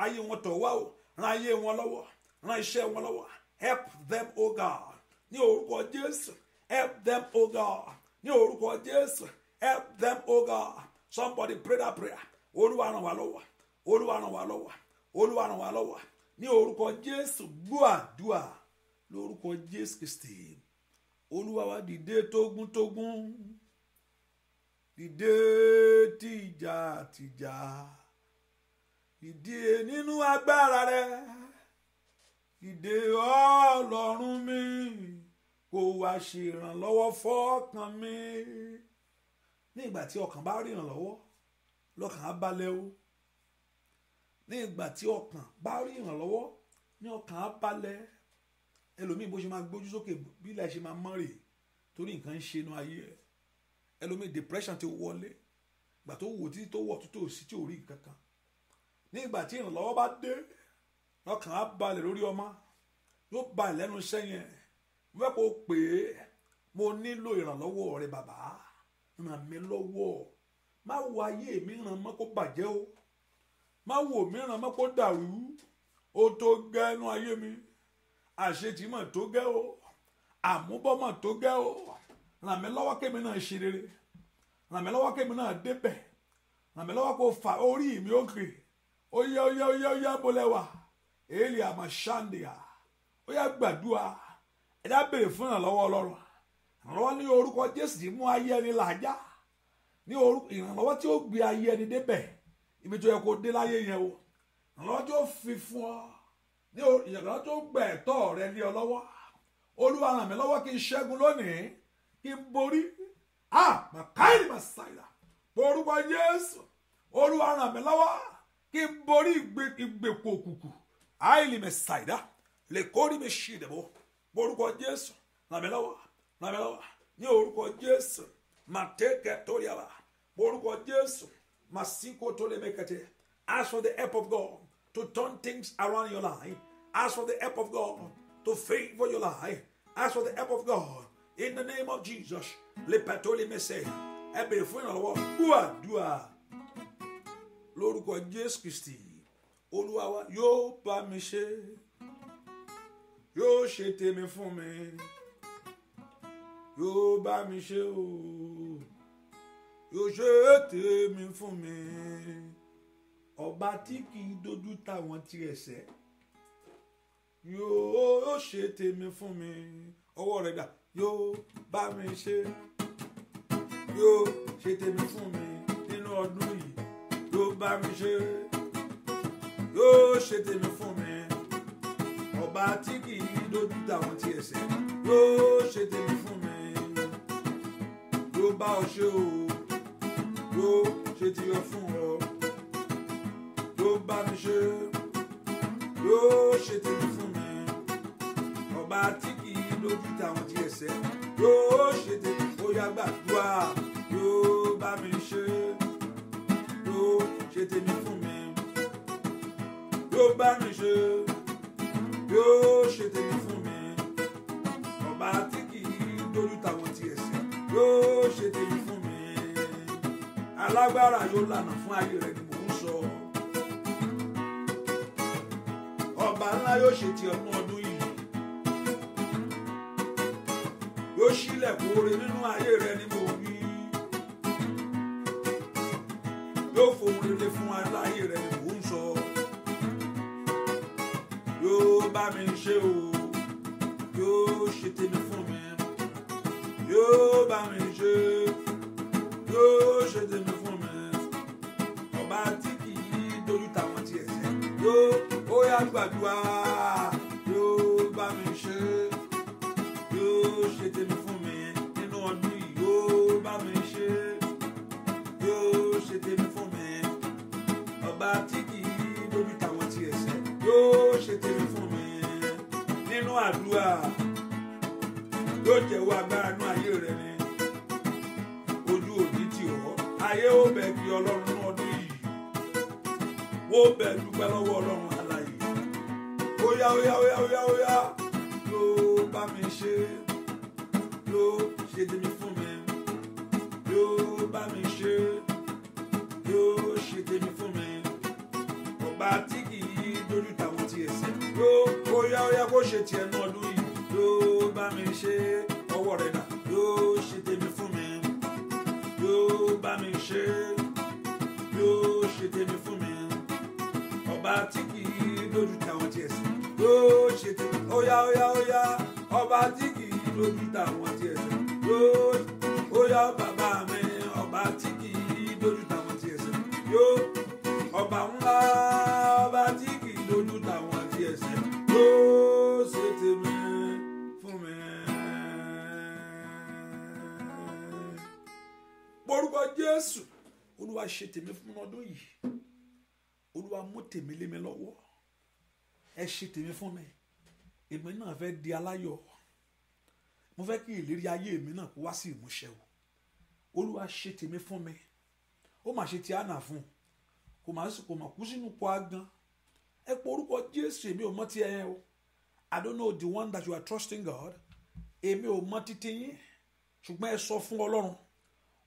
ayé wọn tọ̀ wá o ran ayé wọn lọ́wọ́ ran iṣẹ́ wọn lọ́wọ́ help them o oh God ní orúkọ jésù help them o oh God ní orúkọ jésù help them o God somebody pray that prayer olúwa ràn wá lọ́wọ́ olúwa ràn wá lọ́wọ́ olúwa ràn wá lọ́wọ́ ní orúkọ jésù gbọ́ àdúrà lórúkọ jésù kristi olúwa wa dìde tógúntógún dìde tìjà tìjà dìde nínú agbára rẹ dìde ọlọ́run mi kó wá ṣe ìrànlọ́wọ́ fọ́ọ̀kan mi ní ìgbà tí ọkàn bá rí ìrànlọ́wọ́ lọ́kàn á balẹ̀ o ní ìgbà tí ọkàn bá rí ìrànlọ́wọ́ ní ọkàn á balẹ̀ ẹlòmíì bó ṣe máa gbójú sókè bí ilẹ̀ ṣe máa mọ́ rèé torí nǹkan ń ṣe inú ayé ẹ̀ ẹlòmíì depression ti wọlé ìgbà tó wò títí tó wọ̀ tó tó sí tí ò rí kankan ní ìgbà tí ìrànlọ́wọ́ bá dé ọkàn á balẹ̀ lórí ọmọ yóò balẹ̀ lẹ́nu iṣẹ́ yẹn mo fẹ́ kó o pè é mo nílò ìrànlọ́wọ́ rẹ bàbá ràn mí lọ́wọ́ má wo ayé mi ràn mọ́ kó bàjẹ́ o má wo mi ràn mọ́ kó dàrú o tó gẹ́ inú ayé mi àṣetì mà tó gẹ́ o àmúbọ̀ mà tó gẹ́ o ràn mí lọ́wọ́ kémi náà ṣe rere ràn mí lọ́wọ́ kémi náà débẹ̀ ràn mí lọ́wọ́ kó fa orí mi òkè ó yá ó yá ó yá ó yá bọ́lẹ́wà èèlì àmọ́ ṣáǹdìyà ó yá gbàdúrà ẹ̀dá béèrè fún ìrànlọ́wọ́ ọlọ́run ìrànlọ́wọ́ ní orúkọ jésù tí mú ayé ẹni làájá ní orúkọ ìrànlọ́wọ́ tí ó gbé ayé ẹni débẹ̀ ibi tó yẹ kó dé láyé yẹn o ìrànlọ́wọ́ tí ó fi fún ọ ní ìrànlọ́wọ́ tó gbẹ̀ ẹ̀tọ́ rẹ lé ọ olúwa ràn mí lọ́wọ́ kí n ṣẹ́gun lónìí kí n borí a màkàìrì màsáìlà orúkọ Jésù Olúwa ràn kí n borí ìgbèkùn òkùnkùn àìlì mẹsàìdá lè kórì mi ṣì dẹ̀bọ̀ orúkọ Jésù ràn mí ní orúkọ Jésù màtẹ́kẹ̀ tó yà wá orúkọ Jésù màsíkò tó lè mẹ́kẹ̀tẹ̀ ask for the help of God to turn things around your life ask for the help of God to favor your life ask for the help of God In the name of Jesus. Le pàtó lè mẹsẹ̀. Ẹ bèrè fún ìrànlọ́wọ́. Dúàdúà. Lórúkọ Jésù Kristì. Olúwa wa yo bá mi yo Yóò ṣe tèmi fún mi. Yóò bá mi ṣe o. Yóò ṣe tèmi fún mi. Ọba tí kì í dojú táwọn tirẹ̀ sẹ́. Yóò ṣe tèmi fún mi. Ọwọ́ rẹ̀ yóò bá mi ṣe yóò ṣe tèmi fún mi nínú ọdún yìí yóò bá mi ṣe yóò ṣe tèmi fún mi ọba tí kì í dojú tàwọn ti ẹsẹ̀ yóò ṣe tèmi fún mi yóò bá ọ ṣe o yóò ṣe ti yọ fún ọ yóò bá mi ṣe yóò ṣe tèmi fún mi ọba tí lójú táwọn DSS yóò ṣe tètè bóyá gbàdúrà yóò bá mi ṣe yóò ṣe tèmi fún mi yóò bá mi ṣe yóò ṣe tèmi fún mi ọba tí kì í dojú táwọn DSS yóò ṣe tèmi fún mi alágbára yóò lànà fún ayé rẹ ni mò ń sọ ọba ńlá yóò ṣe ti ọmọ. yóò ṣílẹ̀kùn orin nínú ayé rẹ ní mo wí yóò fohùn rere fún aláyé rẹ ní mò ń sọ yóò bá mi ṣe o yóò ṣe tèmi fún mi yóò bá mi ṣe yóò ṣe tèmi fún mi ọba tí kì í dojú tàwọn tiẹ̀ sẹ́ yóò ó yá gbàdúrà. àdúrà yóò jẹ́wọ́ agbára nú ayé rẹ ni ojú òní tì ọ́ ayé ó bẹ̀ kí ọlọ́run nú ọdún yìí wó bẹ̀ dúpẹ́ lọ́wọ́ ọlọ́run àlàyé óyá óyá óyá óyá óyá ló bá mi ṣe ló ṣe tèmi fún mi ló bá mi ṣe ló ṣe tèmi fún mi ọba tí kì í dojú tàwọn ti ẹ̀sìn ló ó yá ó yá kó ṣe tiẹ̀ nù ọdún yìí yóò bá mi ṣe ọwọ́ rẹ̀ dà yóò ṣe tèmi fún mi yóò bá mi ṣe yóò ṣe tèmi fún mi ọba tí kì í lójú táwọn tiẹ̀ sí yóò ṣe tèmi ó yá ó yá ó yá ọba tí kì í lójú táwọn tiẹ̀ sí yóò ó bàbá mi. lórúkọ jésù olúwa ṣe tèmi fún mi ọdún yìí olúwa mú tèmi lé mi lọ́wọ́ ẹ ṣe tèmi fún mi èmi náà fẹ́ di aláyọ̀ mo fẹ́ kí ìlérí ayé mi náà kó wá sí ìmúṣẹ o olúwa ṣe tèmi fún mi ó mà ṣe ti àná fún kò mà kò mà kú sínú kó agan ẹ pọ orúkọ jésù èmi ò mọ ti ẹ o i don't know the one that you are trusting God èmi ò mọ títí yín ṣùgbọ́n ẹ sọ fún ọlọ́run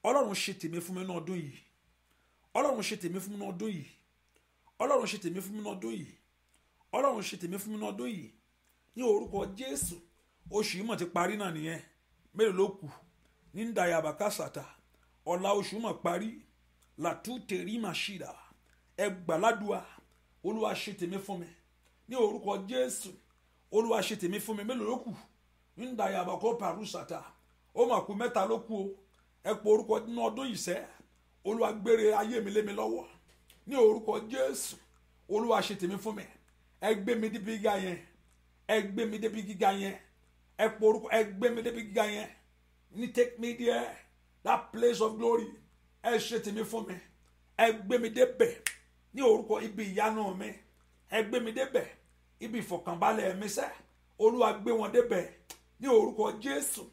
ọlọ́run ṣe tèmi fún mi ní ọdún yìí ọlọ́run ṣe tèmi fún mi ní ọdún yìí ọlọ́run ṣe tèmi fún mi ní ọdún yìí ọlọ́run ṣe tèmi fún mi ní ọdún yìí ní orúkọ jésù oṣù yìí mọ̀ ti parí náà nìyẹn mélòó ló kù ní ndayaba kásátà ọ̀la oṣù mọ̀ parí làtú tèrí mà ṣìdá ẹgbàládùá olúwa ṣe tèmi fún mi ní orúkọ jésù olúwa ṣe tèmi fún mi mélòó ló kù ní ndayaba kó parú sátà ó mà kú mẹ́ta ló kù o ẹ pọ orúkọ nínú ọdún yìí sẹ́ olúwa gbére ayé mi lé mi lọ́wọ́ ní orúkọ jésù olúwa ṣe tèmi fún mi ẹ gbé mi débi gíga yẹn ẹ gbé mi débi gíga yẹn ẹ pọ orúkọ ẹ gbé mi débi gíga yẹn ní take me there that place of glory ẹ ṣe tèmi fún mi ẹ gbé mi débẹ̀ ní orúkọ ibi ìyanu mi ẹ gbé mi débẹ̀ ibi ìfọ̀kànbalẹ̀ mi sẹ́ olúwa gbé wọn débẹ̀ ní orúkọ jésù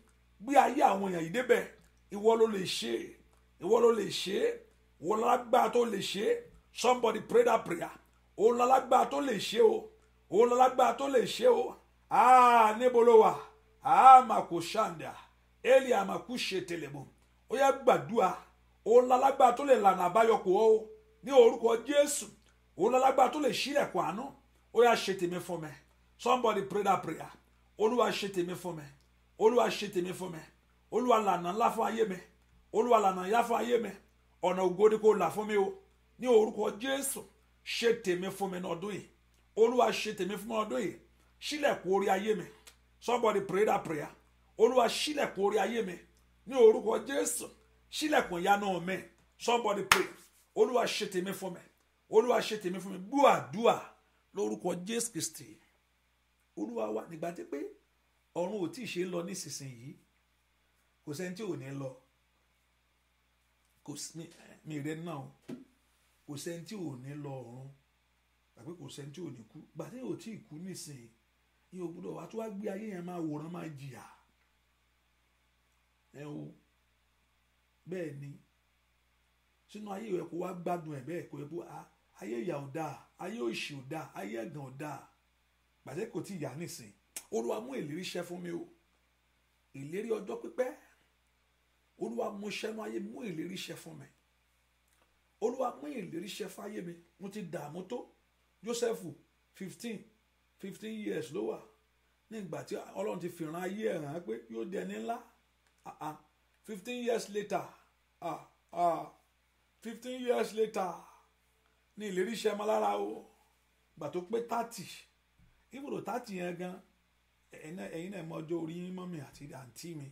gbé ayé àwọn èèyàn yìí débẹ̀ ìwọ ló lè ṣe ìwọ ló lè ṣe ìwọ lálágbára tó lè ṣe somebody pray that prayer òun lálágbára tó lè ṣe o òun lálágbára tó lè ṣe o aa ah, níbo ló wà aa ah, mà kò ṣàǹdà èlì àmà kù ṣe tẹlẹmọ ó yẹ gbàdúrà òun lálágbára tó lè lànà àbáyọkọ o ní orúkọ Jésù òun lálágbára tó lè ṣílẹ̀kùn àánú ó yà ṣe tèmi fún mi somebody pray that prayer olúwa ṣe tèmi fún mi olúwa ṣe tèmi fún mi olúwa lànà ńlá fún ayé mi olúwa lànà ńlá fún ayé mi ọ̀nà ògo ni kò là fún mi o ní orúkọ jésù ṣe tèmi fún mi ọdún yìí olúwa ṣe tèmi fún mi ọdún yìí ṣílẹ̀kùn orí ayé mi somebody pray that prayer olúwa ṣílẹ̀kùn orí ayé mi ní orúkọ jésù ṣílẹ̀kùn ìyanu mi somebody pray olúwa ṣe tèmi fún mi olúwa ṣe tèmi fún mi gbọ́ àdúà lórúkọ jésù kristi olúwa wa nígbà tí pé ọ̀run ò tí ì ṣe ń lọ nísinsìnyí kò sẹ́ni tí ò ní lọ kò sí mi rẹ náà kò sẹ́ni tí ò ní lọ ọ̀run tàbí kò sẹ́ni tí ò ní kú gbà tí ò tí ì kú nísìnyí yìí ò gbúdọ̀ wá tó wá gbé ayé yẹn máa wòran máa jìyà ẹ o bẹ́ẹ̀ ni sínú ayé rẹ kó wá gbádùn ẹ bẹ́ẹ̀ kó yẹ kó ayé ìyà ò dáa ayé òṣì ò dáa ayé ẹ̀gàn ò dáa gbàtẹ́ kò tí ì yá nísìnyí olúwa mú ìlérí ṣẹ fún mi o ìlérí ọjọ́ pípẹ́ olúwa mú iṣẹ́ nú ayé mú ìlérí iṣẹ́ fún mi olúwa mú ìlérí iṣẹ́ fún ayé mi mo ti dààmú tó Joseph fifteen fifteen years ló wà nígbà tí ọlọ́run ti fìràn ayé ẹ̀ hàn pé yóò di ẹni ńlá ah, ah. fifteen years later fifteen ah, ah, years later Ni ìlérí iṣẹ́ mọ́ lára o gbà tó pé thirty ibùdó thirty yẹn gan ẹ̀yin náà mọ ọjọ́ orí yín mọ́ mi àti àǹtí mi.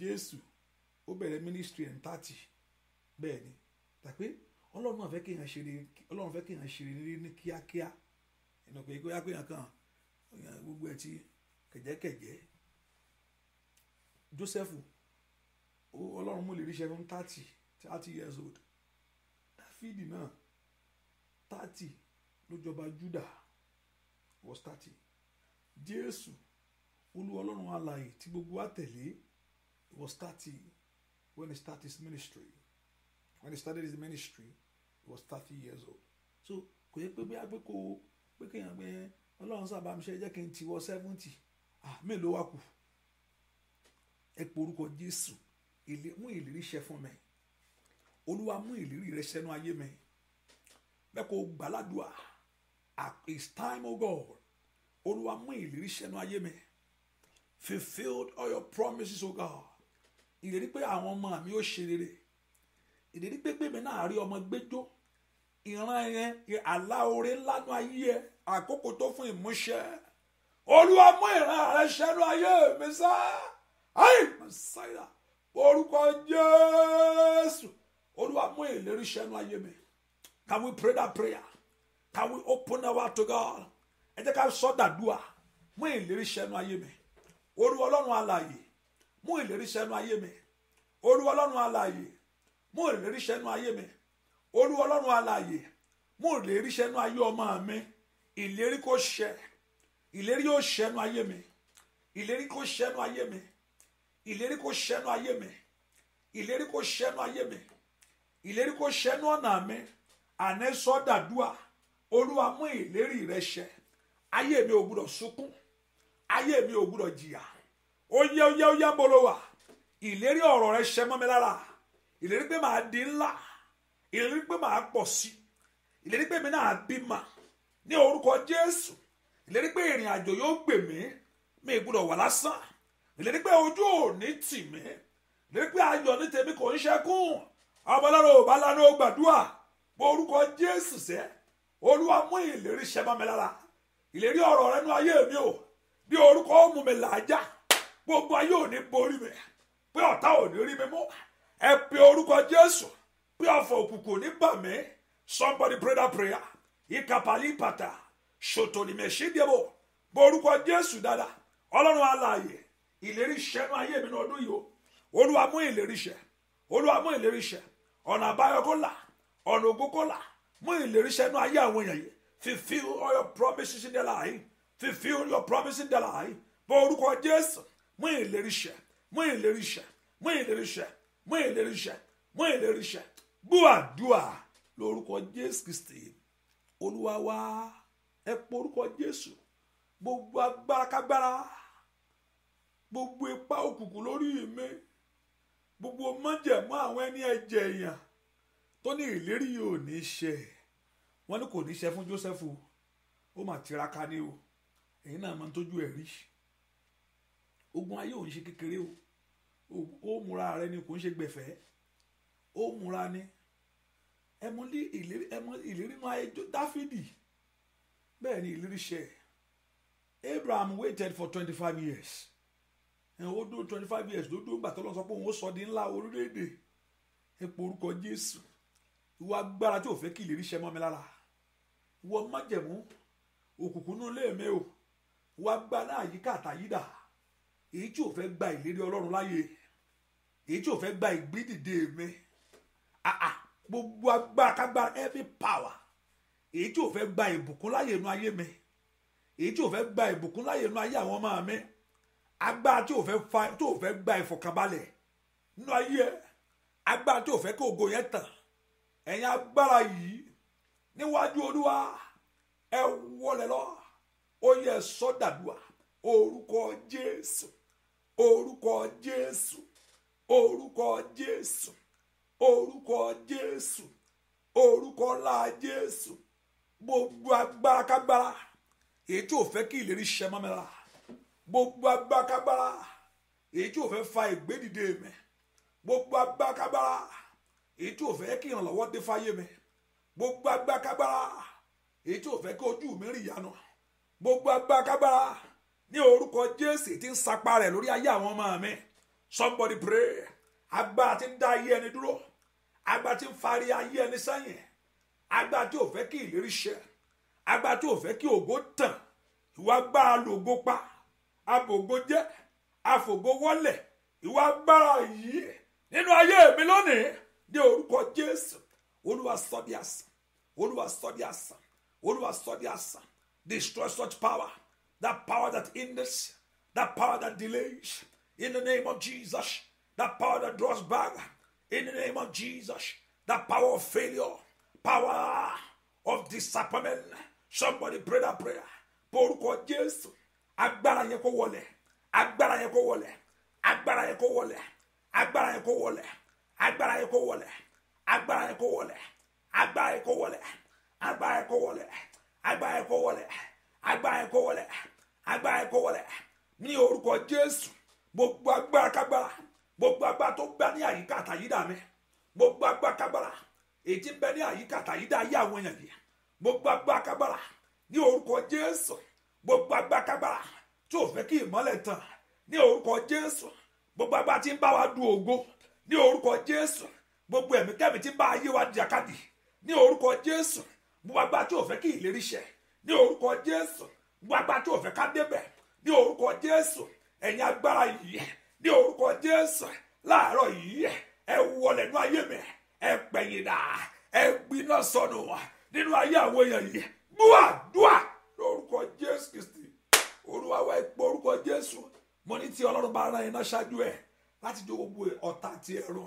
jésù ó bẹ̀rẹ̀ ministry ẹ̀ ń tàtì bẹ́ẹ̀ ni tàpé ọlọ́run náà fẹ́ kí ṣe rere ọlọ́run fẹ́ kí èèyàn ṣe rere ní kíákíá ẹnu pé kó yá pé èèyàn kàn èèyàn gbogbo ẹ̀ ti kẹ̀jẹ́kẹ̀jẹ́ joseph ọlọ́run mú lè ríṣẹ́ fún thirty thirty years old dáfídì náà thirty ló jọba juda was thirty jésù olú ọlọ́run alààyè tí gbogbo wa tẹ̀lé was 30 when he started his ministry. When he started his ministry, he was 30 years old. So kò yẹ pé bí agbẹ́kọ̀ pé kéèyàn gbé ọlọ́run sábà mi ṣe jẹ́ kí n ti wọ 70 ah mélòó wà kù ẹ pe orúkọ Jésù mú ìlérí ṣẹ fún mi Olúwa mú ìlérí rẹ ṣẹnu ayé mi bẹ́ẹ̀ kò gbàládùá at his time o God Olúwa mú ìlérí ṣẹnu ayé mi fulfilled all your promises o God ìrírí pé àwọn ọmọ mi ó ṣe rere ìrírí pé pèmí náà rí ọmọ gbẹjọ ìran yẹn àlá oore lánàá ayé ẹ àkókò tó fún ìmúṣẹ olúwa mú ìran rẹ ṣẹnu ayé mi sá ayé mọ̀sáyà orúkọ jésù olúwa mú ìlérí ṣẹnu ayé mi can we pray that prayer can we open our to God ẹ jẹ́ ká sọ́dàdúà mú ìlérí ṣẹnu ayé mi olúwa ọlọ́run alààyè mú ìlérí sẹ́nu ayé mi olúwa ọlọ́run alààyè mú ìlérí sẹ́nu ayé mi olúwa ọlọ́run alààyè mú ìlérí sẹ́nu ayé ọmọ mi ìlérí kò ṣẹ ìlérí yóò ṣẹnu ayé mi ìlérí kò ṣẹnu ayé mi ìlérí kò ṣẹnu ayé mi ìlérí kò ṣẹnu ayé mi ìlérí kò ṣẹnu ọ̀nà mi ànẹ́sọ́dàdúà olúwa mú ìlérí rẹ ṣẹ ayé mi ò gbúdọ̀ sunkún ayé mi ò gbúdọ̀ jìyà ó yá ó yá ó yá bolo wa ìlérí ọ̀rọ̀ rẹ ṣẹ mọ́ mi lára ìlérí pé màá di ńlá ìlérí pé màá pọ̀ sí ìlérí pé mi náà bímọ ní orúkọ Jésù ìlérí pé ìrìn àjò yóò gbè mí mi gbúdọ̀ wà lásán ìlérí pé ojú ò ní tì mí ìlérí pé ayọ̀ ní tèmi kò ń ṣẹ́kùn ọmọlára ò bá lánà ó gbàdúrà bó orúkọ Jésù sẹ́ Olúwa mú ìlérí ṣẹ mọ́ mi lára ìlérí ọ̀rọ̀ rẹ nú ayé mi o bí orúkọ ó mú mi làájá gbogbo ayé ò borí mi pé ọ̀tá ò rí mi mú ẹ pe orúkọ jésù pé ọ̀fọ̀ òkùnkùn ní bà mí somebody pray that prayer ìkàpàlì pàtà ṣòtò ní mẹ̀ṣídẹ́bò bó orúkọ jésù dáadáa ọlọ́run alààyè ìlérí ṣẹ́nu ayé mi ní ọdún yìí o olúwa mú ìlérí ṣẹ olúwa mú ìlérí ṣẹ ọ̀nà àbáyọ kó là ọ̀nà ògùn kó mú ìlérí ṣẹ nú ayé àwọn èèyàn yìí fulfill all your promises in their life fulfill your promises in their life Bo orúkọ jésù Mwen ileri e ṣẹ, mwen ileri e ṣẹ, mwen ileri e ṣẹ, mwen ileri ṣẹ, mwen ileri ṣẹ. Gbọ́ àdúrà lórúkọ Jésù Kristì, Olúwa wa ẹ pọ orúkọ Jésù, gbogbo agbára kágbára, gbogbo ipa òkùnkùn lórí mi, gbogbo májẹ̀mú àwọn ẹni ẹ̀jẹ̀ èèyàn tó ní ìlérí yìí ò ní ṣe wọ́n ní kò ní ṣe fún Jósẹ́fù ó mà tiraka ni o èyí náà máa ń tójú ẹ̀ rí ogun ayé ò ń ṣe kékeré o ó múra rẹ ni kò ń ṣe gbẹ̀fẹ́ ó múra ni ẹmọ ìlérí ẹmọ ìlérí máa ejó dáfídì bẹ́ẹ̀ ni ìlérí ṣẹ abraham waited for twenty five years ó dúró twenty five years ló dúró gbà tó lọ sọ pé òun ó sọ di ńlá orílẹ̀-èdè ẹ pè orúkọ jésù ìwọ agbára tí ò fẹ́ kí ìlérí ṣẹ mọ́ mi lára ìwọ májẹ̀mú òkùnkùn nínú ilé mi o ìwọ agbára àyíká àtàyídà èyí tí ò fẹ́ gba ìlérí ọlọ́run láyè èyí tí ò fẹ́ gba ìgbídìde mi àà gbogbo agbára kágbára every power èyí tí ò fẹ́ gba ìbùkún láyè inú ayé mi èyí tí ò fẹ́ gba ìbùkún láyè inú ayé àwọn ọmọ mi agbára tí ò fẹ́ fa tí ò fẹ́ gba ìfọ̀kànbalẹ̀ nínú ayé ẹ agbára tí ò fẹ́ kí ògo yẹn tàn ẹ̀yin agbára yìí níwájú olúwa ẹ wọlé lọ ó yẹ sọ́dàdúà orúkọ jésù orúkọ jésù orúkọ jésù orúkọ jésù orúkọ ńlá jésù gbogbo agbára kágbára èyí tí ò fẹ́ kí ìlérí ṣẹ mọ́ mi lára gbogbo agbára kágbára èyí tí ò fẹ́ fa ìgbédìde mi gbogbo agbára kágbára èyí tí ò fẹ́ kí ìrànlọ́wọ́ dé fáyé mi gbogbo agbára kágbára èyí tí ò fẹ́ kí ojú mi rí ìyanu gbogbo agbára kágbára ní orúkọ jésù tí ń sapá rẹ̀ lórí ayé àwọn ọmọ mi somebody pray agbára tí ń dá ayé ẹni dúró agbára tí ń fari ayé ẹni sẹ́yìn agbára tí ò fẹ́ kí ìlérí ṣẹ agbára tí ò fẹ́ kí ògo tàn ìwà agbára lògo pa abògo jẹ́ afògo wọlẹ̀ ìwà agbára yìí nínú ayé mi lónìí ní orúkọ jésù olúwa sọ di àsán olúwa sọ di àsán olúwa sọ di àsán destroy such power that power that hinders, that power that delays, in the name of Jesus, that power that draws back, in the name of Jesus, that power of failure, power of disappointment. Somebody pray that prayer. Porúkọ Jésù, agbára yẹn kó wọlẹ̀, agbára yẹn kó wọlẹ̀, agbára yẹn wọlẹ̀, agbára yẹn wọlẹ̀, agbára yẹn wọlẹ̀, agbára yẹn wọlẹ̀, agbára yẹn wọlẹ̀, agbára yẹn wọlẹ̀, agbára yẹn wọlẹ̀, agbára yẹn wọlẹ̀. agbára kó wọlẹ̀ ní orúkọ jésù gbogbo agbára kágbára gbogbo agbára tó gbá ní àyíká atayida mi gbogbo agbára kágbára eji ni bẹ ní àyíká àtàyídà ayé àwọn èèyàn yìí gbogbo agbára kágbára ní orúkọ jésù gbogbo agbára kágbára tí ò fẹ́ kí ìmọ́lẹ̀ tàn ní orúkọ gbogbo agbára tí wa du ògo ní orúkọ jésù gbogbo ẹ̀mí kẹ́mi tí ń bá ayé wa jàkadì ní orúkọ jésù gbogbo agbára tí ò fẹ́ kí ìlérí ṣẹ ní gbàgbà tí o fẹ́ ká débẹ̀ ní orúkọ jésù ẹ̀yin agbára yìí ní orúkọ jésù láàárọ̀ yìí ẹ wọlé nínú ayé mi ẹ pẹ̀yìn dà ẹ gbiná sọnù nínú ayé àwọn èèyàn yìí gbúà dúà lórúkọ jésù kristi olúwa wa ipò orúkọ jésù mo ní tí ọlọ́run bá rán iná ṣáájú ẹ̀ láti jó gbogbo ọ̀tá ti ẹ̀rọ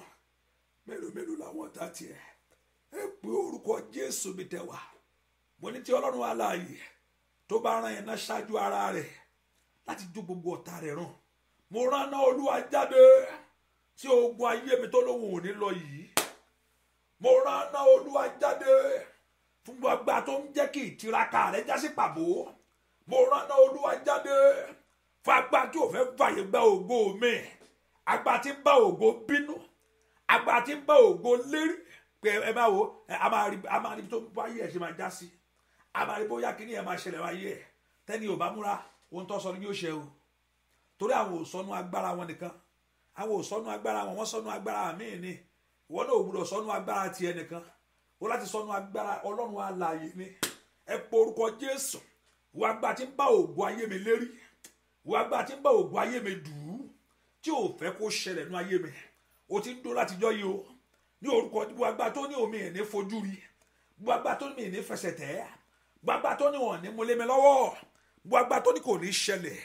mélòó mélòó làwọn ọ̀tá ti ẹ̀ ẹ pé orúkọ jésù mi tẹ̀ wá mo ní tí ọlọ́run aláàyè tó bá rán iná ṣáájú ara rẹ̀ láti jó gbogbo ọ̀tá rẹ̀ ràn mo rán olúwa jáde tí ogun ayé mi tó lóhùn òní lọ yìí mo rán olúwa jáde fún gbogbo tó ń jẹ́ kí ìtiraka rẹ̀ já sí pàbó mo rán olúwa jáde fún agbá tí ò fẹ́ fàyè gba ògo mi agbá tí ń bá ògo bínú agbá tí ń bá ògo lérí pé ẹ máa wo a máa rí ibi tó ń bá ayé ẹ̀ ṣe máa já sí. Abali bóyá kíní ẹ̀ máa ṣẹlẹ̀ wáyé ẹ̀ tẹ́ni ò bá múra ohun tó sọ ni yóò ṣe o torí àwọn ò sọnù agbára wọn nìkan àwọn ò sọnù agbára wọn wọn sọnù agbára míì ni wọn náà ò gbúdọ̀ sọnù agbára tiẹ̀ nìkan o láti sọnù agbára ọlọ́run alààyè ni ẹ pọ orúkọ jésù wọ́n agbá tí ń bá òògùn ayé mi lérí wọ́n agbá tí ń bá òògùn ayé mi dùn tí ò fẹ́ kó ṣẹlẹ̀ nú ayé mi o ti ń dó látijọ́ yìí o ní orúkọ wọ́n agbá tó ní omi ẹ̀ ní fojú rí wọ́n agbá tó ní mi ẹ̀ ní fẹsẹ̀ tẹ́ gbàgbà tó ní wọn ní mo lé mi lọ́wọ́ gbàgbà tó ní kò ní ṣẹlẹ̀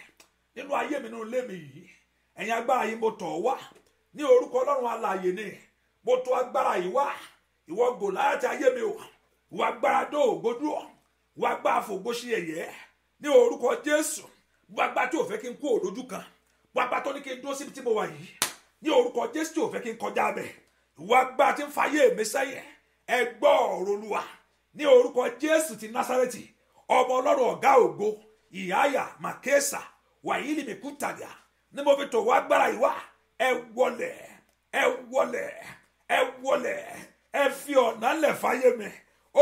nínú ayé mi nínú ilé mi yìí ẹ̀yin agbára yìí mo tọ̀ wá ní orúkọ ọlọ́run alààyè ni mo tọ̀ agbára yìí wá ìwọ Gòláyátì ayé mi o ìwọ agbára dó ògbójú ọ ìwọ agbára fògbó sí ẹ̀yẹ ní orúkọ Jésù gbàgbà tí ò fẹ́ kí n kó òdojú kan gbàgbà tó ní kí n dúró síbi tí mo wà yìí ní orúkọ Jésù tí ò fẹ́ kí n kọjá bẹ̀ ìwọ agbára tí ń fayé mi sẹ́yìn ẹ gbọ́ ọ̀rọ̀ ní orúkọ jésù ti násárẹ́tì ọmọ ọlọ́run ọ̀gá ògo ìyáyà màkẹ́sà wàyílì mìkútàgà ní mo fi tò wá agbára ìwà ẹ wọlẹ̀ ẹ wọlẹ̀ ẹ wọlẹ̀ ẹ fi ọ̀nà lẹ̀ fáyé mi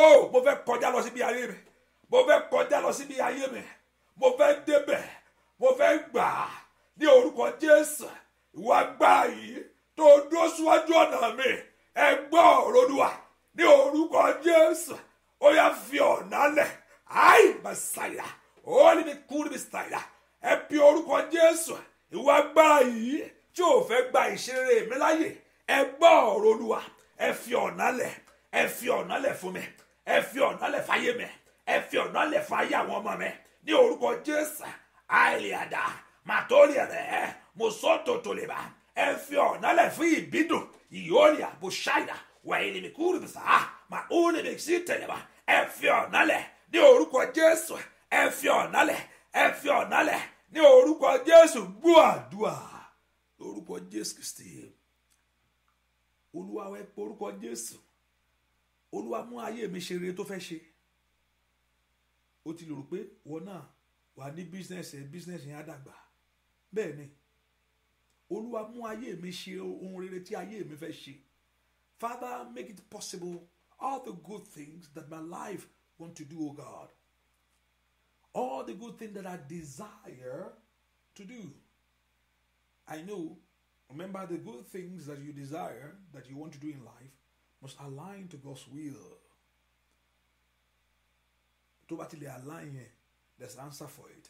o mo fẹ́ kọjá lọ síbi ayé mi mo fẹ́ kọjá lọ síbi ayé mi mo fẹ́ débẹ̀ mo fẹ́ gbà ní orúkọ jésù ìwà agbára yìí tó dúró síwájú ọ̀nà mi ẹ gbọ́ ọ̀rọ̀ ní orúkọ jésù ó yà fi ọ̀nà lẹ̀ áì màsáyà ó ní mi kú ní mi sàyà ẹ pe orúkọ jésù ìwà agbára yìí tí ò fẹ́ gba ìṣeré mi láyè ẹ gbọ́ ọ̀rọ̀ olúwa ẹ fi ọ̀nà lẹ̀ ẹ fi ọ̀nà lẹ̀ fún mi ẹ fi ọ̀nà lẹ̀ fáyé mi ẹ fi ọ̀nà lẹ̀ fáyé àwọn ọmọ mi ní orúkọ jésù àìlèàdà màtórí rẹ̀ mùsọ̀tòtòlèbà ẹ fi ọ̀nà lẹ̀ fún ìbídùn ìyóòlì àbùṣáyà wẹ̀yìn mi kúrò bìsà mà ó lè mi sí tẹ̀lé wa ẹ fi ọ̀nà lẹ̀ ní orúkọ jésù ẹ fi ọ̀nà lẹ̀ ẹ fi ọ̀nà lẹ̀ ní orúkọ jésù gbọ́ àdúrà lórúkọ jésù kristi olúwa wẹ pé orúkọ jésù olúwa mú ayé mi ṣe rere tó fẹ́ ṣe ó ti lò rò pé wọn náà wà ní bísínẹ́sì bísínẹ́sì yẹn á dàgbà bẹ́ẹ̀ ni olúwa mú ayé mi ṣe ohun rere tí ayé mi fẹ́ ṣe father make it possible all the good things that my life want to do, O oh God. All the good things that I desire to do. I know, remember the good things that you desire, that you want to do in life, must align to God's will. tó bá they align there's answer for it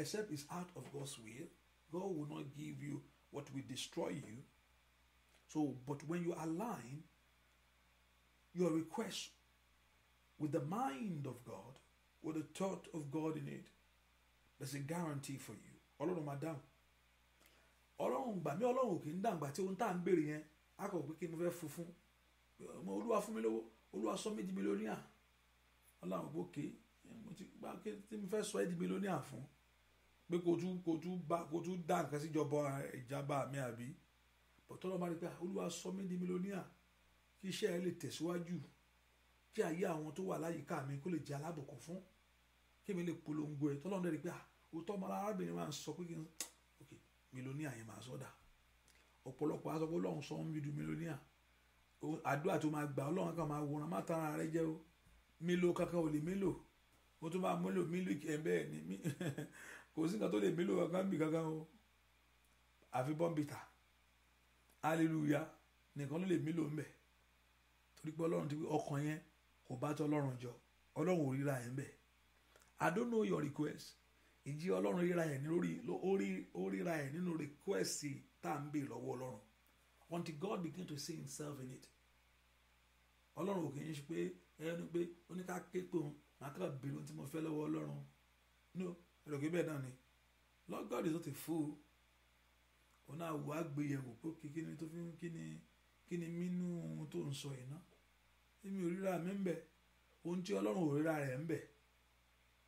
except it's out of God's will God will not give you what will destroy you so but when you align your request with the mind of God, with the thought of God in it, there's a guarantee for you. Ọlọ́run máa dáhùn. Ọlọ́run gbà mí Ọlọ́run kì í dàgbà tí ohun tá à ń béèrè yẹn á kọ̀ pé kí mo fẹ́ fún Ọmọ Olúwa fún mi lówó, Olúwa sọ mí di mílíọ̀nìà. Ọlọ́run gbókè mo ti gbà pé tí mo fẹ́ sọ ẹ́ di mílíọ̀nìà fún. Pé kò tún kò tún bá kò tún dá nǹkan síjọba ìjábá mi àbí. Bọ̀tọ́lọ́ máa rí pé ah, Olúwa sọ mí di mílíọ̀nìà kí iṣẹ́ ẹ lè tẹ̀síwájú kí ayé àwọn tó wà láyìíká mi kó lè jẹ́ alábùkún fún kí mi lè polongo ẹ tọ́lọ́run dẹ̀ rí pé ah, òótọ́ ọmọ arábìnrin máa ń sọ pé kí n ok mílíọ̀nìyà yẹn máa sọ́dà ọ̀pọ̀lọpọ̀ aṣọ pé ọlọ́run sọ ń bí du mílíọ̀nìyà àdúrà tó máa gbà ọlọ́run kan máa wòran má tara rẹ jẹ́ o mílò kankan ò lè mílò mo tún máa múlò mílò ẹ̀ bẹ́ẹ̀ ni kò sí nǹkan tó lè mílò kankan bì kankan o àfi bọ́m̀bìtà hallelujah nìkan ló lè mílò ń bẹ́ẹ̀ torí pé ọlọ́run ti wí ọkàn yẹn kò bá tọ́ ọlọ́run jọ ọlọ́run ò ríra yẹn bẹ̀ i don't know your request ìjì ọlọ́run ríra yẹn lórí ó ríra yẹn nínú request tá à ń bè lọ́wọ́ ọlọ́run until God begin to see himself in it ọlọ́run ò kì í ṣe pé ẹni pé oníká képe òun màá kàn bèrè ohun tí mo fẹ́ lọ́wọ́ ọlọ́run no ẹ̀rọ kí bẹ́ẹ̀ náà ni Lord God is not a fool òun náà wò á gbé yẹ̀wò pé kí ni tó fi kí ni kí ohun tó ń sọ yìí náà èmi ò ríra mi ń bẹ ohun tí ọlọ́run ò ríra rẹ̀ ń bẹ